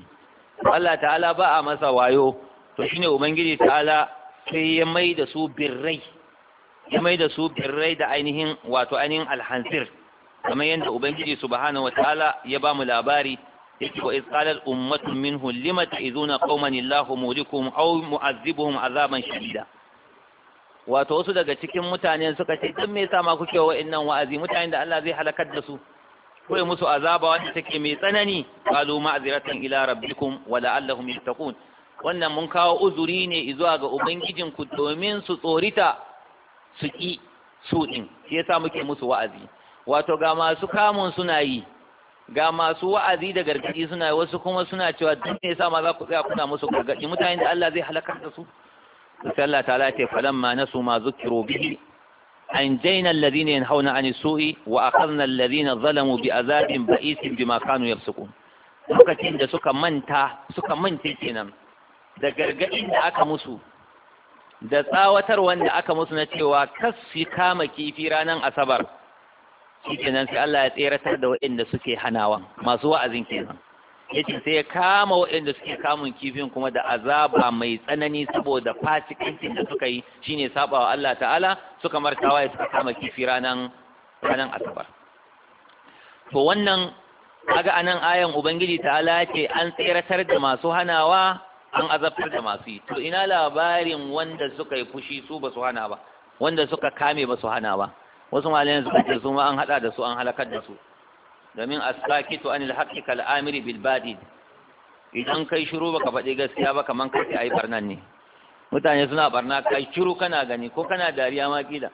Allah ta'ala ba a masa wayo to shine ubangiji ta'ala sai ya mai da su birrai ya mai da su birrai da ainihin wato ainihin alhansir kamar yadda ubangiji subhanahu wataala ya ba mu labari yake wa iz qala ummatun minhum lima ta'izuna qauman illahu mulikum aw mu'azzibuhum azaban shadida wato wasu daga cikin mutane suka ce dan me yasa ma kuke wa'annan wa'azi mutanen da Allah zai halakar da su kure musu azaba wanda take mai tsanani qalu ma'ziratan ila rabbikum wa la'allahum yattaqun wannan mun kawo uzuri ne zuwa ga ubangijinku domin su tsorita su ƙi su ɗin shi yasa muke musu wa'azi wato ga masu kamun suna yi ga masu wa'azi da gargaɗi suna yi wasu kuma suna cewa duk ne yasa ma za ku tsaya kuna musu gargaɗi mutane da Allah zai halakar da su sai Allah ta'ala ce falamma nasu ma zukiru bihi أنجينا الذين ينهون عن السوء وأخذنا الذين ظلموا بأذاب بئيس بما كانوا يفسقون lokacin da suka manta suka manta kenan da gargadin da aka musu da tsawatar wanda aka musu na cewa kas su kama kifi ranar asabar shi nan sai Allah ya tseratar da waɗanda suke hanawa masu wa'azin kenan yace sai ya kama waɗanda suke kamun kifin kuma da azaba mai tsanani saboda fasikancin da suka yi shine sabawa Allah ta'ala suka martawa ya suka kama kifi ranan asabar to wannan aga anan ayan ubangiji ta'ala ce an tseratar da masu hanawa an azabtar da masu yi to ina labarin wanda suka yi fushi su ba su hana ba wanda suka kame ba su hana ba wasu malayan suka ce su ma an hada da su an halakar da su domin as-sakitu anil haqqi kal amiri bil badid idan kai shiru baka faɗi gaskiya ba kaman kai ai barnan ne mutane suna barna kai shiru kana gani ko kana dariya ma kila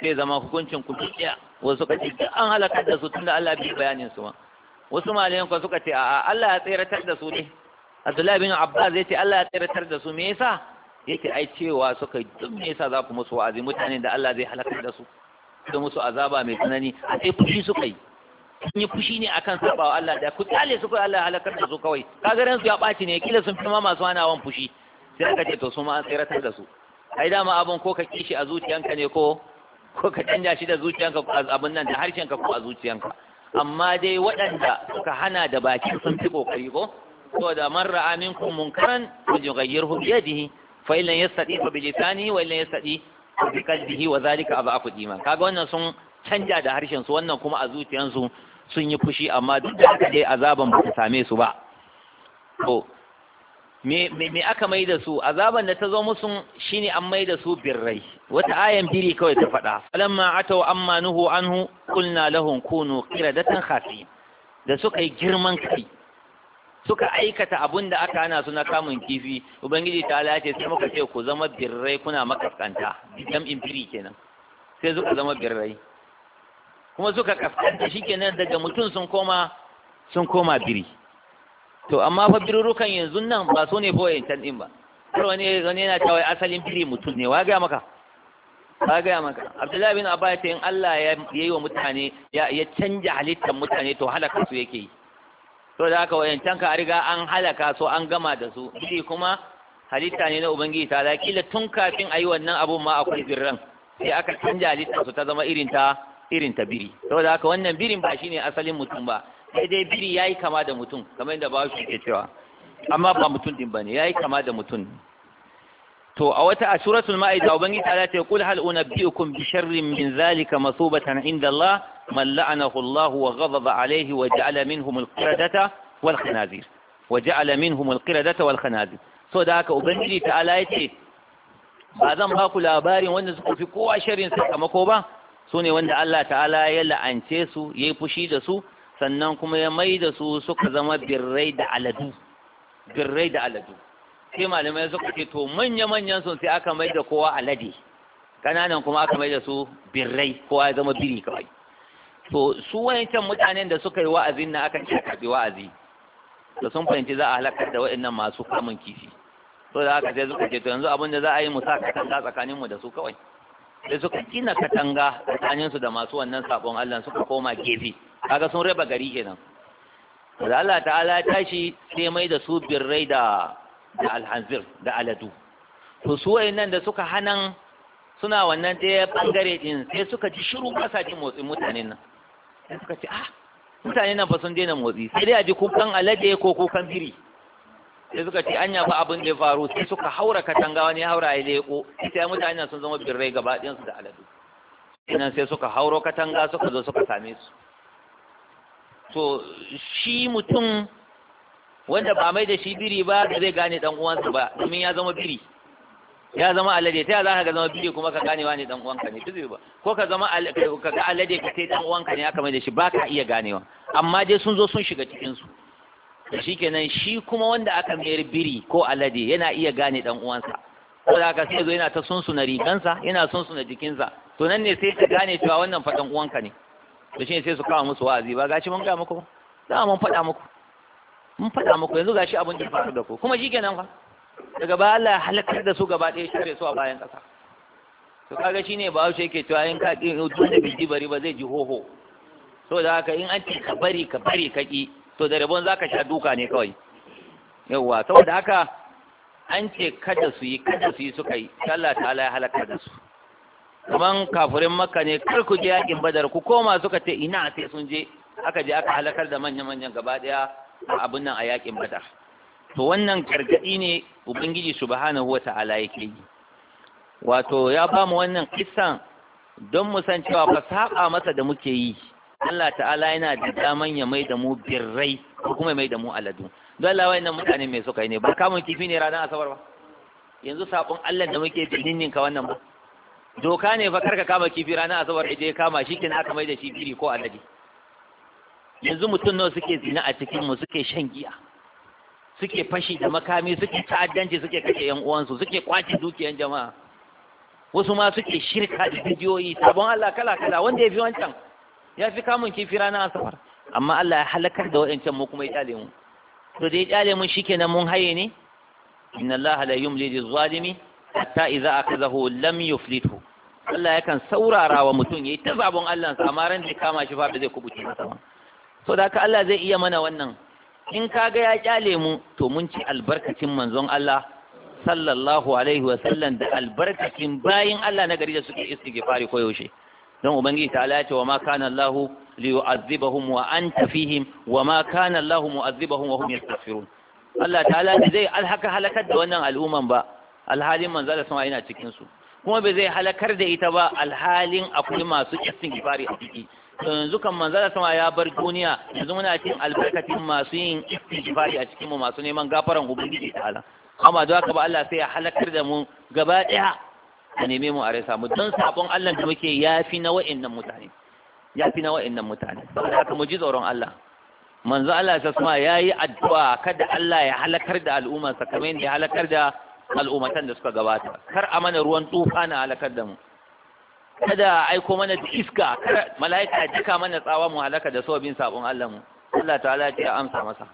sai zama hukuncin ku dukiya wasu suka ce an halakar da su tunda Allah bai bayanin su ma wasu malayan ko suka ce a'a Allah ya tseratar da su ne Abdullahi bin Abbas yace Allah ya tsiratar da su me yasa yake ai cewa suka duk me yasa za ku musu wa'azi mutanen da Allah zai halakar da su da musu azaba mai tsanani a sai fushi suka yi sun yi fushi ne akan sabawa Allah da ku tsale su kai Allah ya halakar da su kawai kaga ran su ya baci ne kila sun fi ma masu hanawan fushi sai aka ce to su ma an tsiratar da su ai dama abin ko ka kishi a zuciyanka ne ko ko ka canja shi da zuciyanka abin nan da harshenka ko a zuciyanka amma dai waɗanda suka hana da baki sun fi kokari ko saboda man ra'a minkum munkaran falyughayyirhu bi yadihi fa illan yastati fa bi lisanihi wa illan yastati bi qalbihi wa zalika adhafu iman kaga wannan sun canja da harshen su wannan kuma a zuciyansu sun yi fushi amma duk da haka dai azaban ba ta same su ba to me me aka mai da su azaban da ta zo musu shine an mai da su birrai wata ayan biri kawai ta faɗa falamma atau amma nuhu anhu qulna lahum kunu qiradatan khasi da suka yi girman kai suka aikata abun da aka hana su na kamun kifi ubangiji ta ala ce sai muka ce ku zama birrai kuna makaskanta jam'in firi kenan sai suka zama birrai kuma suka kaskanta shikenan daga mutum sun koma sun koma biri to amma fa birrukan yanzu nan ba su ne boye tan din ba har wani wani yana cewa asalin biri mutum ne wa ga maka ba ga maka abdullahi bin abbas in Allah ya yi wa mutane ya canja halittar mutane to halaka su yake yi to da haka wayancan ka riga an halaka su an gama da su shi kuma halitta ne na ubangiji ta da kila tun kafin ayi wannan abun ma akwai birran sai aka canja halitta su ta zama irin ta irin ta biri da haka wannan birin ba shine asalin mutum ba sai dai biri yayi kama da mutum kamar yadda ba shi ke cewa amma ba mutum din bane yayi kama da mutum to a wata a suratul ma'ida ubangiji ta ce kul hal unabbiukum bi sharrin min zalika masubatan inda Allah man la'anahu Allah wa ghadaba alayhi wa ja'ala minhum al-qiradata wal khanazir wa ja'ala minhum al-qiradata wal khanazir da haka ubangiji ta ce ba zan ba ku labarin wanda suka fi kowa sharrin sakamako ba sune wanda Allah ta'ala ya la'ance su yayi fushi da su sannan kuma ya mai da su suka zama birrai da aladu birrai da aladu sai malamai suka ce to manya-manyan sun sai aka mai da kowa alade kananan kuma aka mai da su birrai kowa ya zama biri kawai to su wayancan mutanen da suka yi wa'azin na aka ce karbi wa'azi da sun fahimci za a halakar da waɗannan masu kamun kifi to da aka sai suka ce to yanzu abin da za a yi mu sa katanga tsakanin mu da su kawai sai suka gina katanga tsakanin su da masu wannan sabon Allah suka koma gefe kaga sun raba gari kenan da Allah ta'ala tashi sai mai da su birrai da da alhanzir da aladu to su nan da suka hanan suna wannan ɗaya ɓangare ɗin sai suka ji shiru ba jin motsin mutanen nan sai suka ce ah mutanen nan ba sun daina motsi sai dai a ji kukan alade ko kukan biri sai suka ce anya fa abin da ya faru sai suka haura katanga wani haura ya leko sai mutanen nan sun zama birrai gaba ɗin su da aladu sannan sai suka hauro katanga suka zo suka same su to shi mutum wanda ba mai da shi biri ba da zai gane dan uwansa ba domin ya zama biri ya zama alade ta za ka zama biri kuma ka gane wani dan uwanka ne duk ba ko ka zama ka ga alade ka sai dan uwanka ne aka mai da shi ba ka iya ganewa amma dai sun zo sun shiga cikin su da shikenan shi kuma wanda aka mayar biri ko alade yana iya gane dan uwansa ko da ka sai zo yana ta sunsuna rigansa yana sunsuna jikinsa to nan ne sai ka gane cewa wannan fa dan uwanka ne to shi ne sai su kawo musu wa'azi ba gashi mun ga muku ba za mun faɗa muku mun faɗa muku yanzu gashi abin da faru da ku kuma shi kenan fa daga baya Allah ya halakar da su gaba ɗaya shirye su a bayan ƙasa to kaga shine ba haushe yake cewa in ka ƙi duk da bai ji bari ba zai ji hoho to da haka in an ce ka bari ka bari ka ƙi to da rabon zaka sha duka ne kawai yawwa saboda haka an ce kada su yi kada su yi suka yi Allah ta'ala ya halakar da su kaman kafirin makka ne kar ku je yakin badar ku koma suka ce ina sai sun je aka je aka halakar da manya-manyan gaba ɗaya abin nan a yakin badar to wannan gargadi ne ubangiji subhanahu wata'ala yake yi wato ya ba mu wannan kissan don mu san cewa ba saba masa da muke yi Allah ta'ala yana da daman ya mai da mu birrai ko kuma mai da mu aladu don Allah nan mutane mai suka yi ne ba kamun kifi ne ranar asabar ba yanzu sabon Allah da muke binin ka wannan ba doka ne fa karka kama kifi ranar asabar idan ya kama shi kin aka mai da shi biri ko aladi yanzu mutum nawa suke zina a cikin mu suke shan giya suke fashi da makami suke ta'addanci suke kashe yan uwansu suke kwace dukiyan jama'a wasu ma suke shirka da bidiyoyi sabon Allah kala kala wanda ya fi wancan ya fi kamun kifi rana a safar amma Allah ya halakar da wa'ancan mu kuma ya kyale mu to da ya kyale mu shikenan mun haye ne inna Allah la yumli zalimi hatta idza akhadhahu lam yuflithu Allah yakan saurara wa mutum yayi ta sabon Allah amma ran da kama shi fa ba zai kubuce masa ba so da haka Allah zai iya mana wannan in kaga ya kyale mu to mun ci albarkacin manzon Allah sallallahu alaihi wa sallam da albarkacin bayin Allah na gari da suke istighfari ko yaushe don ubangiji ta alaya ya ce wa ma kana Allah li yu'azzibahum wa anta fihim wa ma kana Allah mu'azzibahum wa hum yastaghfirun Allah ta'ala zai alhaka halakar da wannan al'umman ba alhalin manzo da sama yana cikin su kuma bai zai halakar da ita ba alhalin akwai masu istighfari a ciki yanzu kan manzala sama ya bar duniya yanzu muna cikin albarkatin masu yin istighfari a cikin mu masu neman gafaran ubangiji ala amma da haka ba Allah sai ya halakar da mu gaba daya a neme mu a rasa samu don sabon Allah da muke yafi na wa'annan mutane yafi na wa'annan mutane saboda haka mu ji tsoron Allah manzo Allah sai sama ya yi addu'a kada Allah ya halakar da al'ummarsa kamar yadda ya halakar da al'ummatan da suka gabata kar a mana ruwan tufa na halakar da mu kada aiko mana da iska mala'ika jika mana tsawa mu halaka da sobin sabon Allah mu Allah ta'ala ya amsa masa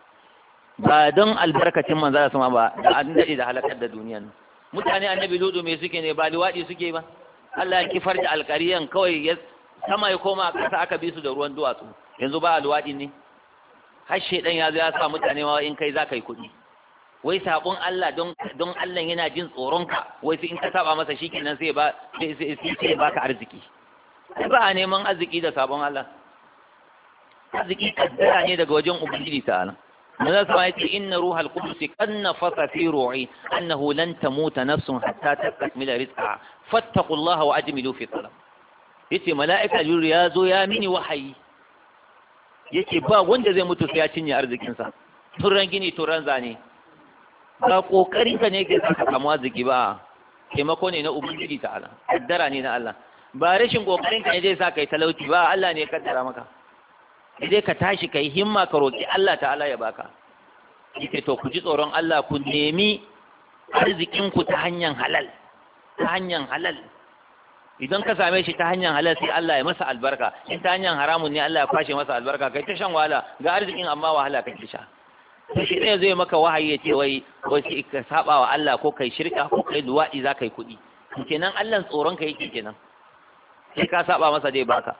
ba don albarkacin manzo da sama ba da an dade da halakar da duniyan mutane annabi ludu me suke ne ba liwadi suke ba Allah ya kifar da alƙariyan kawai ya sama ya koma ƙasa aka bi su da ruwan duwatsu yanzu ba alwadi ne har shedan ya zo ya sa mutane ma in kai za ka yi kuɗi wai sabon Allah don don Allah yana jin tsoronka wai sai in ka saba masa shikenan sai ba sai sai ba ka arziki ba a neman arziki da sabon Allah arziki kaddara ne daga wajen ubangiji ta'ala su sama yace inna ruhal qudus qad nafasa fi ru'i annahu lan tamuta nafsun hatta tastakmila rizqaha fattaqullaha wa ajmilu fi talab yace mala'ika jibril ya zo ya mini wahayi yace ba wanda zai mutu sai ya cinye arzikinsa turan gini turan zane ba kokari ka ne ke sa ka samu arziki ba taimako ne na ubangiji ta'ala kaddara ne na Allah ba rashin kokarin ka ne zai sa kai talauci ba Allah ne ya kaddara maka idai ka tashi kai himma ka roki Allah ta'ala ya baka yake to ku ji tsoron Allah ku nemi arzikin ku ta hanyar halal ta hanyar halal idan ka same shi ta hanyar halal sai Allah ya masa albarka in ta hanyar haramun ne Allah ya kwashe masa albarka kai ta shan wahala ga arzikin amma wahala kake sha sai shi ɗaya zai maka wahayi ya ce wai wai ka saba wa Allah ko kai shirka ko kai luwaɗi za ka yi kuɗi kenan Allah tsoron ka yake kenan sai ka saba masa zai baka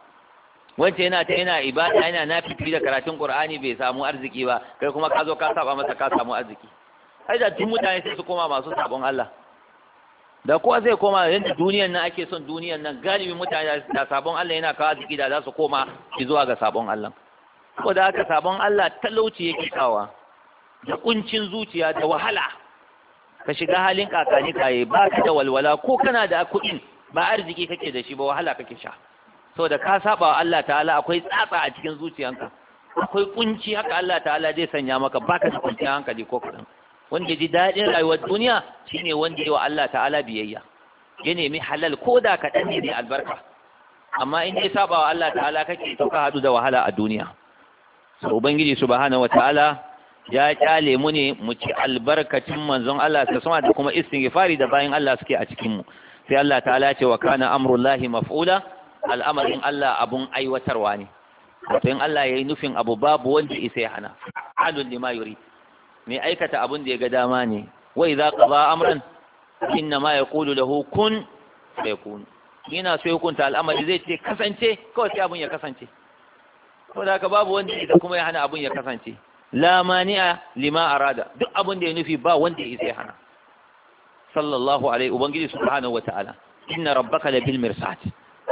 wance yana ta yana ibada yana nafifi da karatun Qur'ani bai samu arziki ba kai kuma ka zo ka saba masa ka samu arziki ai da tun mutane sai su koma masu sabon Allah da kowa zai koma yadda duniyan nan ake son duniyan nan galibin mutane da sabon Allah yana kawo arziki da za su koma zuwa ga sabon Allah ko da haka sabon Allah talauci yake kawa da kuncin zuciya da wahala ka shiga halin kakani kaye ba ka da walwala ko kana da kuɗin ba arziki kake da shi ba wahala kake sha da ka saba wa Allah ta'ala akwai tsatsa a cikin zuciyanka akwai kunci haka Allah ta'ala zai sanya maka baka da kwanciyar hankali ko kaɗan wanda ji daɗin rayuwar duniya shine wanda yi wa Allah ta'ala biyayya ya nemi halal ko da kaɗan ne ne albarka amma in dai saba wa Allah ta'ala kake to ka haɗu da wahala a duniya so ubangiji subhanahu Ta'ala. ya kyale mu ne mu ci albarkacin manzon Allah ta sama da kuma istighfari da bayan Allah suke a cikin mu sai Allah ta'ala ce wa kana amrullahi maf'ula al'amarin Allah abun aiwatarwa ne wato in Allah yayi nufin abu babu wanda isa ya hana alul lima yuri me aikata abun da ya ga dama ne Wai za ka ba amran inna ma hukun lahu kun fayakun yana so ya hukunta al'amari zai ce kasance kawai sai abun ya kasance saboda haka babu wanda da kuma ya hana abun ya kasance la lima arada duk abin da ya nufi ba wanda ya isa hana sallallahu alaihi ubangiji subhanahu wata'ala inna rabbaka labil mirsat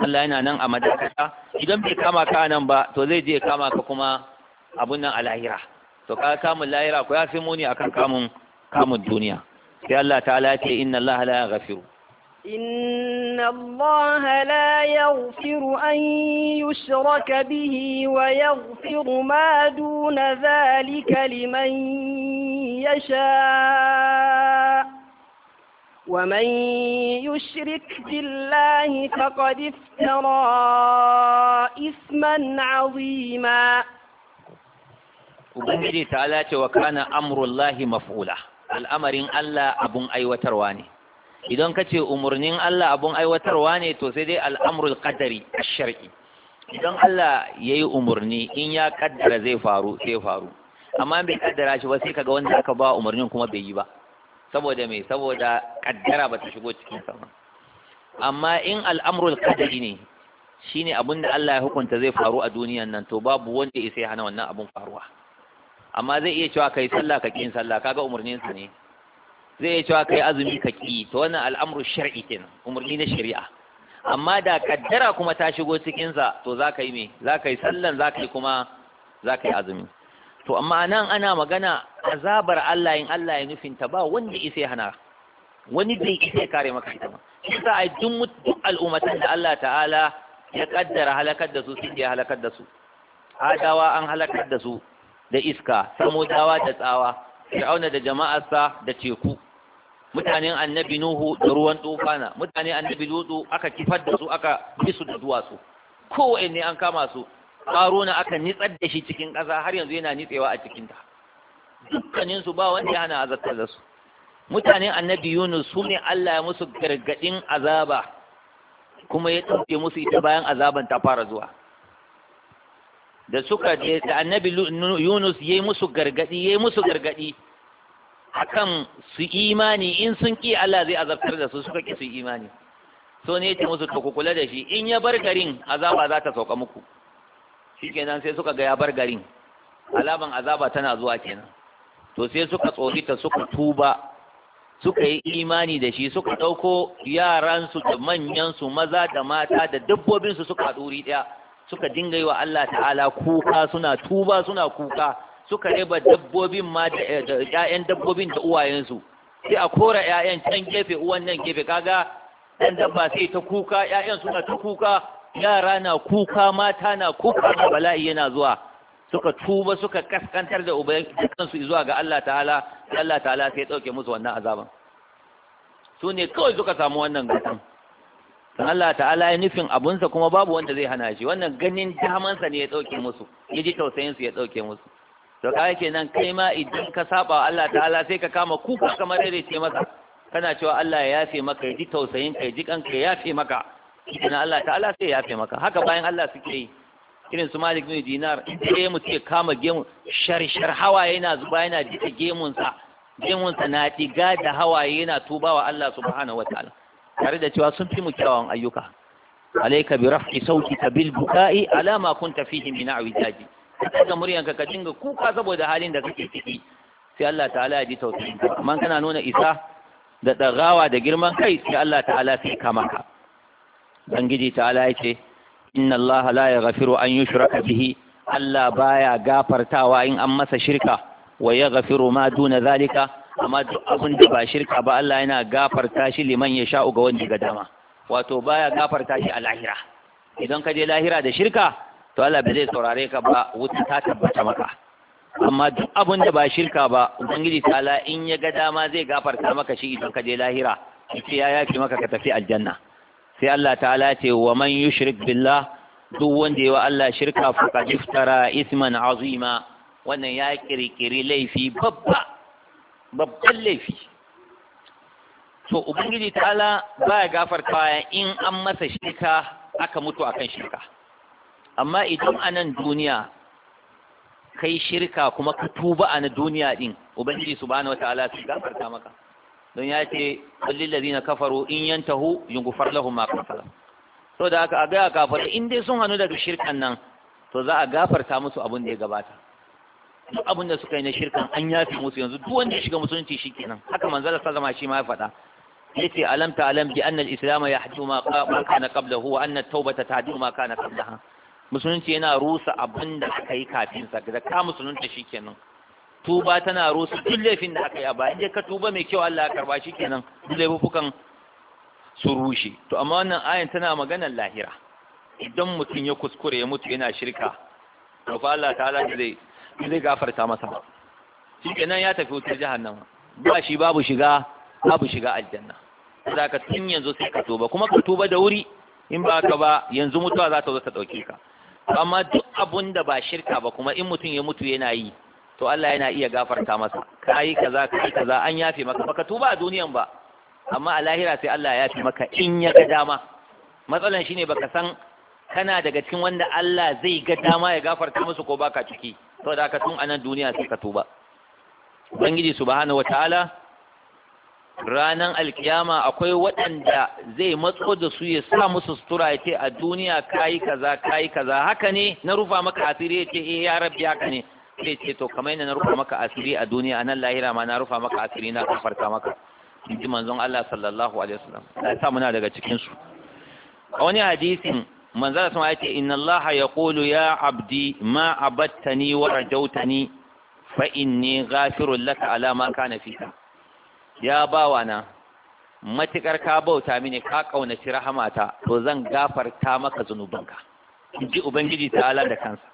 Allah yana nan a madakata idan bai kama ka nan ba to zai je kama ka kuma abun nan a lahira to ka kamun lahira ko ya fi muni akan kamun kamun duniya sai Allah ta'ala ya ce inna Allah la yaghfiru إن الله لا يغفر أن يشرك به ويغفر ما دون ذلك لمن يشاء ومن يشرك بالله فقد افترى إثما عظيما Ubangiji ta وكان أمر الله مفعولا الأمر أن لا أبن أي وترواني idan ka ce umarnin Allah abun aiwatarwa ne to sai dai al’amurul qadari a shari’i idan Allah ya yi umarni in ya kaddara zai faru sai faru amma bai kaddara shi ba sai kaga wanda aka ba umarnin kuma bai yi ba saboda me saboda kaddara ba ta shigo cikin sama amma in al’amurul qadari ne ne abin da Allah ya hukunta zai faru a duniyan nan to babu wanda ya sai hana wannan abun faruwa amma zai iya cewa kai sallah ka kin sallah kaga umarnin sa ne zai yi cewa kai azumi ka ki to wannan al'amru shar'i kenan umarni na shari'a amma da kaddara kuma ta shigo cikinsa, to za ka yi me Za ka yi sallan za ka yi kuma za ka yi azumi to amma nan ana magana azabar Allah yin Allah ya nufin ta ba wanda isa ya hana wani bai isa ya kare maka ita ba shi sa ai duk al'ummatan da Allah ta'ala ya kaddara halakar da su sun ya halakar da su adawa an halakar da su da iska samudawa da tsawa fir'auna da jama'arsa da teku mutanen annabi nuhu da ruwan tufana mutanen annabi lutu aka kifar da su aka bisu da duwatsu kowanne an kama su na aka nitsar da shi cikin ƙasa har yanzu yana nitsewa a cikin dukkanin su ba wanda ya hana azabtar da su mutanen annabi yunus su ne allah ya musu gargaɗin azaba kuma ya ɗauke musu ita bayan azaban ta fara zuwa da suka da annabi yunus ya yi musu gargaɗi ya yi musu gargaɗi akan su imani in sun ki Allah zai azabtar da su suka ki su imani so ne ya musu to ku kula da shi in ya bar garin azaba za ta sauka muku shikenan sai suka ga ya bar garin alaman azaba tana zuwa kenan to sai suka tsorita suka tuba suka yi imani da shi suka ɗauko yaransu da manyansu maza da mata da dabbobinsu suka haɗuri ɗaya suka dinga yi wa Allah ta'ala kuka suna tuba suna kuka suka raba dabbobin ma eh, da ƴaƴan dabbobin da uwayensu sai a kora ƴaƴan can gefe uwan nan gefe kaga dan dabba sai ta kuka ƴaƴan suna ta kuka yara na kuka mata na kuka da bala'i yana zuwa suka tuba suka kaskantar da ubangiji kansu zuwa ga Allah ta'ala Allah ta'ala sai ya dauke musu wannan azaban su ne kawai suka samu wannan gatan dan Allah ta'ala ya nufin abunsa kuma babu wanda zai hana shi wannan ganin damansa ne ya dauke musu ya ji tausayin su ya dauke musu to kai kenan kai ma idan ka saba Allah ta'ala sai ka kama kuka kamar dai ce maka kana cewa Allah ya yafe maka ji tausayin kai ji kanka ya yafe maka idan Allah ta'ala sai ya yafe maka haka bayan Allah suke yi irin su Malik bin Dinar sai mu ce kama gemu shar hawaye yana zuba yana sa gemunsa gemunsa na diga da hawaye yana tubawa Allah subhanahu wataala tare da cewa sun fi mu kyawun ayyuka alayka bi raf'i sautika bil buka'i ala ma kunta fihi min awijaji ka ga muryanka ka dinga kuka saboda halin da kake ciki sai Allah ta'ala ya ji tausayin amma kana nuna isa da dagawa da girman kai sai Allah ta'ala sai ka maka bangiji ta'ala ya ce inna Allah la yaghfiru an yushraka bihi Allah baya gafartawa in an masa shirka wa yaghfiru ma duna zalika amma duk abin da ba shirka ba Allah yana gafarta shi liman ya sha'u ga wanda ga dama wato baya gafarta shi a lahira idan ka je lahira da shirka to Allah ba zai saurare ka ba wuta ta tabbata maka amma duk abin da ba shirka ba ubangiji ta'ala in ya ga dama zai gafarta maka shi idan ka je lahira sai ya yaki maka ka tafi aljanna sai Allah ta'ala ce wa man yushrik billah duk wanda yawa Allah shirka fuka, iftara isman azima wannan ya kirkiri laifi babba babban laifi to ubangiji ta'ala ba ya gafarta in an masa shirka aka mutu akan shirka amma idan a nan duniya kai shirka kuma ka tuba a na duniya din ubangiji wata ala su gafarta maka don ya ce da zina kafaru in yantahu gufar lahum ma kafara so da aka a kafar in dai sun hannu daga shirkan nan to za a gafarta musu abin da ya gabata duk abin da suka yi na shirkan an yafi musu yanzu duk wanda ya shiga musulunci shi kenan. haka manzala sallama shi ma ya faɗa Ya alam ta alam bi anna al-islam yahdu ma kana qablahu wa anna at-taubata tahdu ma kana qablaha musulunci yana rusa abin da aka yi kafin sa da ka musulunta shikenan tuba tana rusa duk laifin da aka yi a baya inda ka tuba mai kyau Allah ya karba shikenan duk laifukan su rushe to amma wannan ayan tana maganar lahira idan mutum ya kuskure ya mutu yana shirka to fa Allah ta'ala zai zai gafarta masa shikenan ya tafi wutar jahannama ba shi babu shiga babu shiga aljanna za ka tun yanzu sai ka tuba kuma ka tuba da wuri in ba ka ba yanzu mutuwa za ta zo ta ɗauke ka amma duk abun da ba shirka ba kuma in mutum ya mutu yana yi to Allah yana iya gafarta masa kai kaza kai kaza an yafe maka baka tuba a duniyan ba amma a lahira sai Allah ya yafe maka in ya ga dama matsalan shine baka san kana daga cikin wanda Allah zai ga dama ya gafarta musu ko baka ciki saboda ka tun anan duniya sai ka tuba ubangiji subhanahu wataala ranan alkiyama akwai waɗanda zai matso da su ya sa musu sutura ya ce a duniya kayi kaza kayi kaza haka ne na rufa maka asiri ya ce eh ya rabbi haka ne sai ce to kamar yadda na rufa maka asiri a duniya a nan lahira ma na rufa maka asiri na kafarta maka in ji manzon Allah sallallahu alaihi wasallam ya sa muna daga cikin su a wani hadisin manzon Allah ya ce inna Allah yaqulu ya abdi ma abattani wa rajautani fa inni ghafirun laka ala ma kana fika ya bawa na matukar ka bauta mini ka kaunaci rahamata to zan gafarta maka zunubanka inji ubangiji ta ala da kansa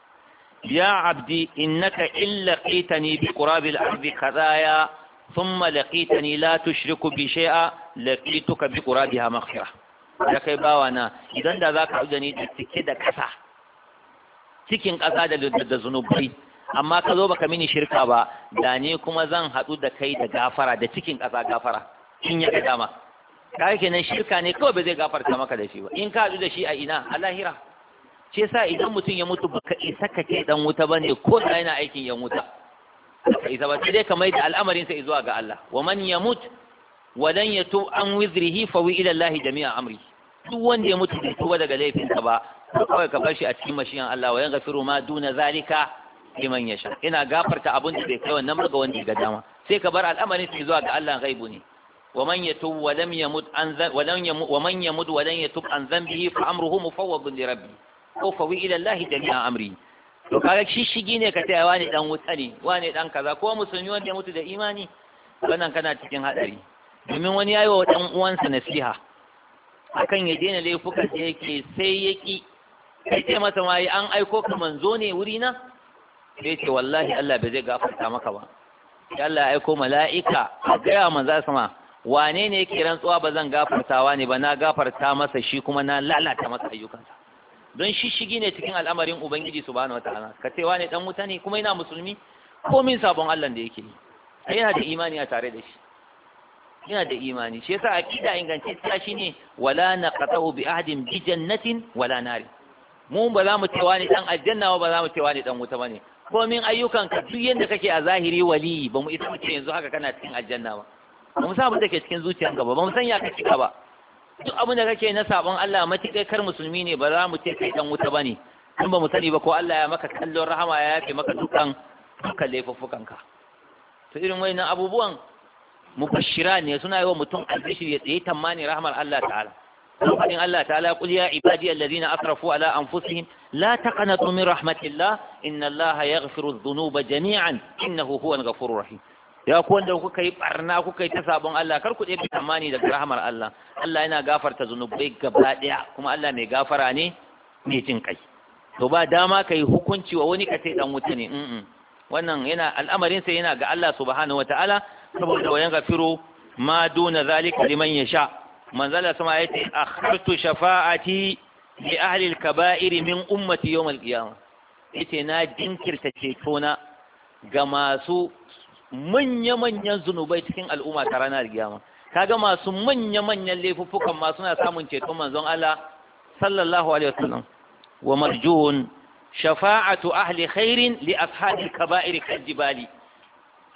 ya abdi innaka illa qitani bi qurabil ardi qadaya thumma laqitani la tushriku bi shay'a laqituka bi qurabiha maghfira ya kai bawa na idan da zaka ni da cike da kasa cikin kasa da da zunubai amma ka zo baka mini shirka ba da ni kuma zan haɗu da kai da gafara da cikin ƙasa gafara in ya dama kaga kenan shirka ne kawai ba zai gafarta maka da shi ba in ka haɗu da shi a ina a lahira shi sa idan mutum ya mutu baka isa ka ce dan wuta bane ko da yana aikin yan wuta ka isa ba sai dai ka maida al'amarin sa zuwa ga Allah wa man yamut wa lan yatu an wizrihi fa wi ila Allah jami'a amri duk wanda ya mutu bai tuba daga laifinsa ba kawai ka bar shi a cikin mashiyan Allah wa yaghfiru ma duna zalika liman yasha ina gafarta abin da bai kai wannan ba ga wanda ga dama sai ka bar al'amarin sai zuwa ga Allah ghaibu ne wa man yatub wa lam yamut an wa lam yamut wa man yamut wa lam yatub an dhanbihi fa amruhu mufawwad li rabbi ko wi ila Allah jami'a amri to kaga shishigi ne ka taya wani dan wuta ne wani dan kaza ko musulmi wanda ya mutu da imani wannan kana cikin hadari domin wani yayi wa dan uwansa nasiha akan ya daina laifukan da yake sai yaki sai ce masa ma an aiko ka manzo ne wuri na sai ce wallahi Allah bai zai gafarta maka ba Allah ya aiko mala'ika a gaya manzo sama wane ne yake rantsuwa ba zan gafartawa ne ba na gafarta masa shi kuma na lalata masa ayyukansa don shishigi ne cikin al'amarin ubangiji subhanahu wataala ka ce wane dan wuta ne kuma yana musulmi Ko min sabon Allah da yake yi yana da imani a tare da shi yana da imani shi yasa aqida shi ne wala naqatu bi ahdin bi jannatin wala nari mu ba za mu cewa ne dan aljanna ba za mu cewa ne dan wuta bane komin ayyukanka duk yadda kake a zahiri wali ba mu isa mutum yanzu haka kana cikin aljanna ba ba mu san abin da ke cikin zuciyanka ba ba mu san ya ka cika ba duk abin da kake na sabon Allah matikai kar musulmi ne ba za mu ce kai dan wuta bane in ba mu sani ba ko Allah ya maka kallon rahama ya yafe maka dukan dukkan ka. to irin wayannan abubuwan mubashira ne suna yi wa mutum albishir ya tsaye tamani rahmar Allah ta'ala don faɗin Allah ta qul ya ibadi allazina asrafu ala anfusihim la taqnatu min rahmatillah inna Allah yaghfiru dhunuba jami'an innahu huwal ghafurur rahim ya ku wanda kuka yi barna kuka yi ta sabon Allah kar ku ɗebe tsammani daga rahamar Allah Allah yana gafarta zunubai gaba ɗaya kuma Allah mai gafara ne mai jin kai to ba dama ka yi hukunci wa wani ka kace dan wuta ne wannan yana al'amarin sai yana ga Allah subhanahu wataala saboda wayan gafiru ma duna zalika liman yasha manzala sama ya ce a akhartu shafa'ati li ahli al-kaba'ir min ummati yawm al-qiyamah yace na jinkirta cetona ga masu manya-manyan zunubai cikin al'umma ta ranar kiyama kaga masu manya-manyan laifuffukan ma suna samun ceton manzon Allah sallallahu alaihi wasallam wa marjuhun shafa'atu ahli khairin li ashabi kaba'ir Jibali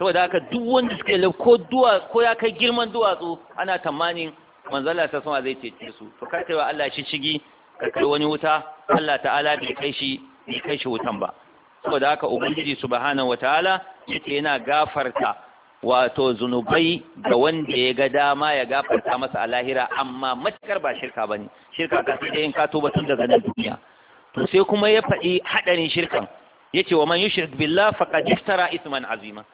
saboda haka duk wanda suke ko duwa ko ya kai girman duwatsu ana tamanin manzala ta sama zai cece su to kar kai wa Allah shi shigi ka kai wani wuta Allah ta'ala bai kai shi bai kai shi wutan ba saboda haka ubangiji subhanahu wataala yace yana gafarta wato zunubai ga wanda ya ga dama ya gafarta masa a lahira amma matakar ba shirka ba ne. shirka ka sai in ka tuba tun daga nan duniya to sai kuma ya faɗi hadarin shirkan ce wa man yushrik billah faqad iftara isman azima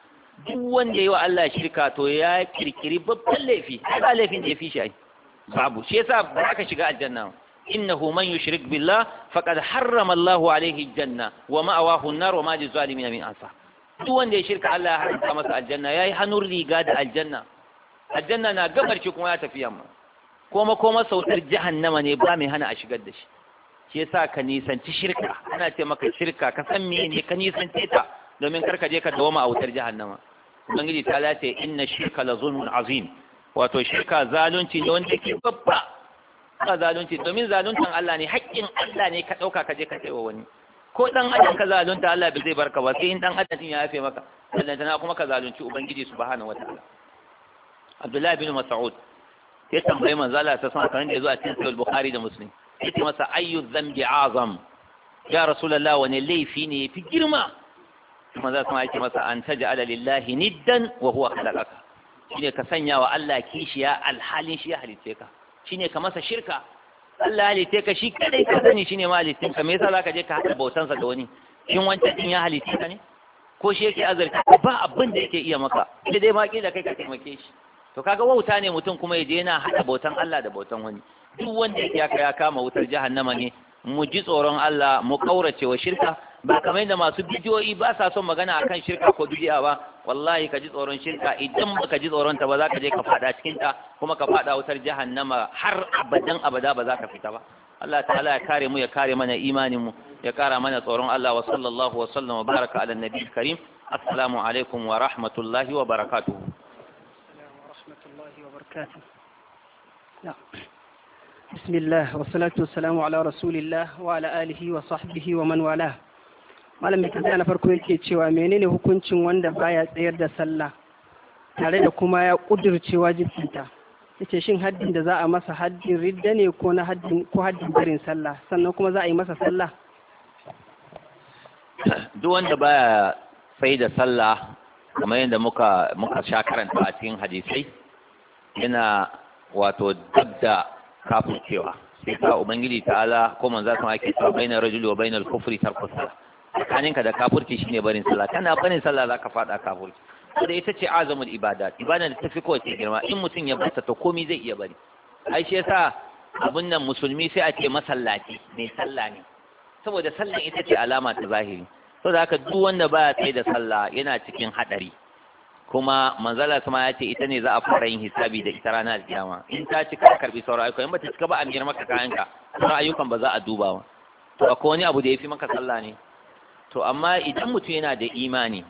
duk wanda ya yi wa Allah shirka to ya kirkiri babban laifi ba laifin da ya fi shi ai babu shi yasa ba ka shiga aljanna innahu man yushrik billah faqad harrama Allahu alaihi aljanna wa ma'awahu an-nar wa ma lizalimin min ansar duk wanda ya shirka Allah ya haramta masa aljanna yayi hannun riga da aljanna aljanna na gabar shi kuma ya tafi yamma Koma kuma sautar jahannama ne ba mai hana a shigar da shi shi yasa ka nisanci shirka ana ce maka shirka ka san me ne ka ta domin karka je ka dawoma a wutar jahannama ubangiji ta lace inna shirka la zulmun azim wato shirka zalunci ne wanda yake babba ba zalunci domin zaluntan Allah ne haƙƙin Allah ne ka ɗauka ka je ka tsaye wani ko dan adam ka zalunta Allah bai zai barka ba sai in dan adam ya yafe maka tana kuma ka zalunci ubangiji subhanahu wataala Abdullahi bin Mas'ud ya tambayi manzo Allah ta sanar kan da zuwa cikin Sahih Bukhari da Muslim yace masa ayyu dhanbi azam ya rasulullah wani laifi ne fi girma kuma za su ya ce masa an taj'ala lillahi niddan wa huwa khalaqaka shine ka sanya wa Allah kishiya alhalin shi ya halitte ka shine ka masa shirka Allah halitte ka shi kadai ka sani shine ma halittin ka me yasa zaka je ka haɗa bautansa da wani shin wancan din ya halitte ka ne ko shi yake azarta ba abin da yake iya maka sai dai ma kila kai ka taimake shi to kaga wauta ne mutum kuma ya je yana haɗa bautan Allah da bautan wani duk wanda yaka ya kama wutar jahannama ne mu ji tsoron Allah mu kaurace wa shirka ba kamar yadda masu bidiyoyi ba sa son magana akan shirka ko bidiya ba wallahi ka ji tsoron shirka idan baka ji tsoron ta ba za ka je ka fada cikin ta kuma ka fada wutar jahannama har abadan abada ba za ka fita ba Allah ta'ala ya kare mu ya kare mana imanin mu ya kara mana tsoron Allah wa sallallahu wa sallam wa baraka ala nabi karim assalamu alaikum wa rahmatullahi wa barakatuh بسم الله والصلاة والسلام على رسول الله وعلى آله وصحبه ومن والاه malam mai tambaya na farko yake cewa menene hukuncin wanda baya tsayar da sallah tare da kuma ya kudurce wajibinta yace shin haddin da za a masa haddin ridda ne ko haddin ko barin sallah sannan kuma za a yi masa sallah duk wanda baya sai da sallah kamar yadda muka muka sha karanta a cikin hadisai yana wato dabda kafin cewa sai ka ubangiji ta'ala ko manzo ta yake cewa bainar rajulu wa bainar kufri tarkusala tsakaninka da kafurci shine barin sallah kana barin sallah zaka fada kafurci to da ita ce azamul ibadat ibada da tafi kowace girma in mutum ya bata ta komai zai iya bari ai shi yasa abun nan musulmi sai a ce masallaci mai sallah ne saboda sallan ita ce alama ta zahiri to da haka duk wanda baya tsaye da sallah yana cikin hadari kuma manzala sama ya ce ita ne za a fara yin hisabi da ita ranar kiyama in ta cika a karbi sauran ayyuka in ba ta cika ba a miyar maka kayanka sauran ayyukan ba za a duba ba to akwai wani abu da ya fi maka sallah ne to amma idan mutum yana da imani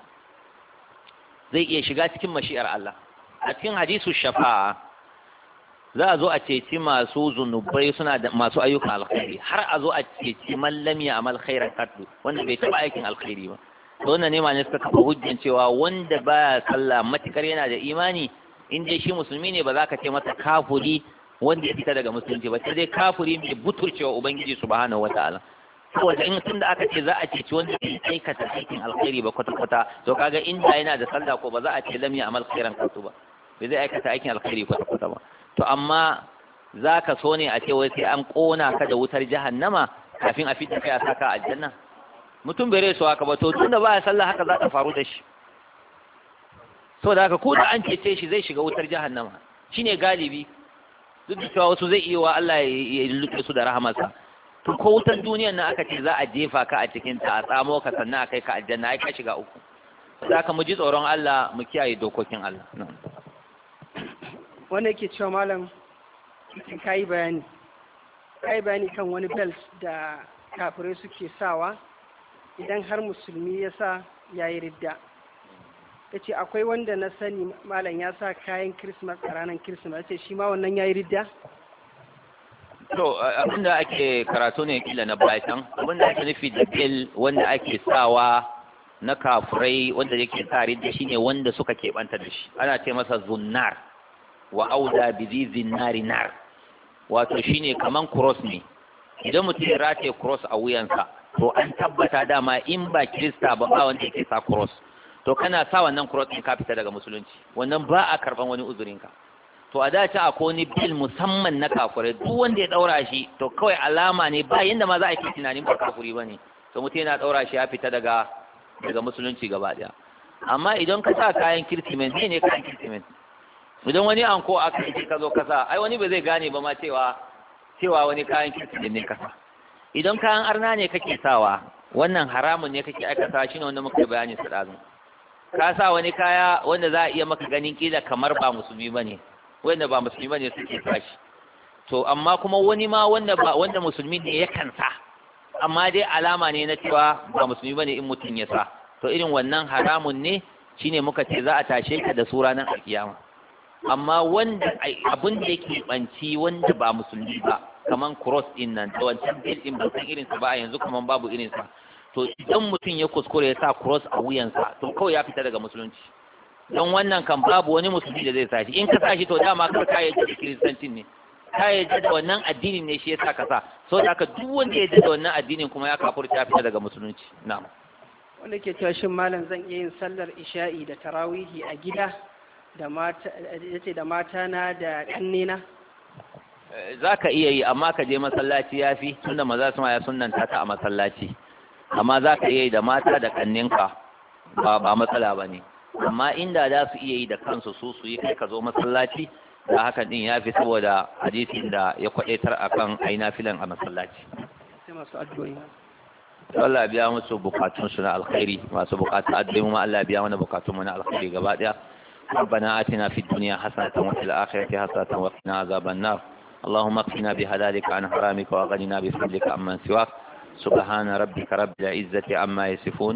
zai iya shiga cikin mashi'ar Allah a cikin hadisu shafa'a za a zo a ceci masu zunubai suna da masu ayyukan alkhairi har a zo a ceci mallam ya amal khairan kaddu wanda bai taba aikin alkhairi ba to wannan ne ne suka kafa hujjan cewa wanda baya sallah matukar yana da imani in dai shi musulmi ne ba za ka ce masa kafuri wanda ya fita daga musulunci ba sai dai kafuri mai buturcewa ubangiji subhanahu wataala saboda in tun da aka ce za a ci wanda bai aikata aikin alkhairi ba kwata-kwata to kaga in da yana da sallah ko ba za a ce lam ya amal khairan kansu ba bai zai aikata aikin alkhairi kwata-kwata ba to amma za ka so ne a ce wai sai an kona ka da wutar jahannama kafin a fita kai a saka aljanna mutum bai rai so haka ba to tun da ba ya sallah haka za ta faru da shi saboda haka ko da an cece shi zai shiga wutar jahannama shine galibi duk da cewa wasu zai iya wa Allah ya lukke su da rahamarsa to ko wutan duniyan na aka ce za a jefa ka a cikin ta a tsamo ka sannan a kai ka aljanna ai ka shiga uku Za ka muji tsoron Allah mu kiyaye dokokin Allah wanda yake cewa malam in kai bayani kayi bayani kan wani belt da kafirai suke sawa idan har musulmi ya sa ya yi ridda ya ce akwai wanda na sani malam ya sa kayan kirismas a ranar kirismas ya ce shi ma wannan ya yi ridda to abinda ake karatu ne kila na bayan abinda ake nufi da bil wanda ake sawa na kafurai wanda yake tare da shi ne wanda suka keɓanta da shi ana ce masa zunnar wa auda bizi zinnari nar wato shine kaman cross ne idan mutum ya rataye cross a wuyansa to an tabbata dama in ba kirista ba ba wanda yake sa cross to kana sa wannan cross in ka fita daga musulunci wannan ba a karban wani uzurinka to a dace a wani bil musamman na kafure duk wanda ya daura shi to kawai alama ne ba yanda ma za a yi tunanin ba kafuri ba ne to mutum yana daura shi ya fita daga daga musulunci gaba daya amma idan ka sa kayan kirtimen ne ne kayan kirtimen idan wani anko aka yi ka zo kasa ai wani ba zai gane ba ma cewa cewa wani kayan kirtimen ne kasa idan kayan arna ne kake sawa wannan haramun ne kake aikata shi ne wanda muka yi bayanin su ɗazu ka sa wani kaya wanda za a iya maka ganin kila kamar ba musulmi ba ne wanda ba musulmi ne suke tashi to amma kuma wani ma wanda ba wanda musulmi ne yakan sa amma dai alama ne na cewa ba musulmi bane in mutum ya sa to irin wannan haramun ne shine muka ce za a tashe ka da sura nan alkiyama amma wanda abin da yake banci wanda ba musulmi ba kaman cross din nan da wancan bil din ba san irin sa ba yanzu kaman babu irin sa to idan mutum ya kuskure ya sa cross a wuyansa to kawai ya fita daga musulunci don wannan kan babu wani musulmi da zai sashi in ka sashi to dama kar ka yadda da kiristancin ne ka yadda da wannan addini ne shi yasa ka sa so da haka duk wanda ya yadda da wannan addinin kuma ya kafur ta fita daga musulunci na'am wanda ke cewa shin malam zan iya yin sallar isha'i da tarawihi a gida da mata yace da mata na da kannena eh, za ka iya yi amma ka je masallaci ya fi tunda maza su ya sunanta ta a masallaci amma za ka iya yi da mata da kanninka ba matsala ba ne amma inda za su iya yi da kansu su su yi kai ka zo masallaci da hakan din ya fi saboda hadisin da ya kwadaitar akan ayi nafilan a masallaci sai masu addu'o'i Allah biya musu bukatun su na alkhairi masu bukatun addu'o'i ma Allah biya mana bukatun mu na alkhairi gaba daya ربنا آتنا في الدنيا حسنة وفي الآخرة حسنة وقنا عذاب النار اللهم اكفنا بهلالك عن حرامك وأغننا بفضلك عمن سواك سبحان ربك رب العزة عما يصفون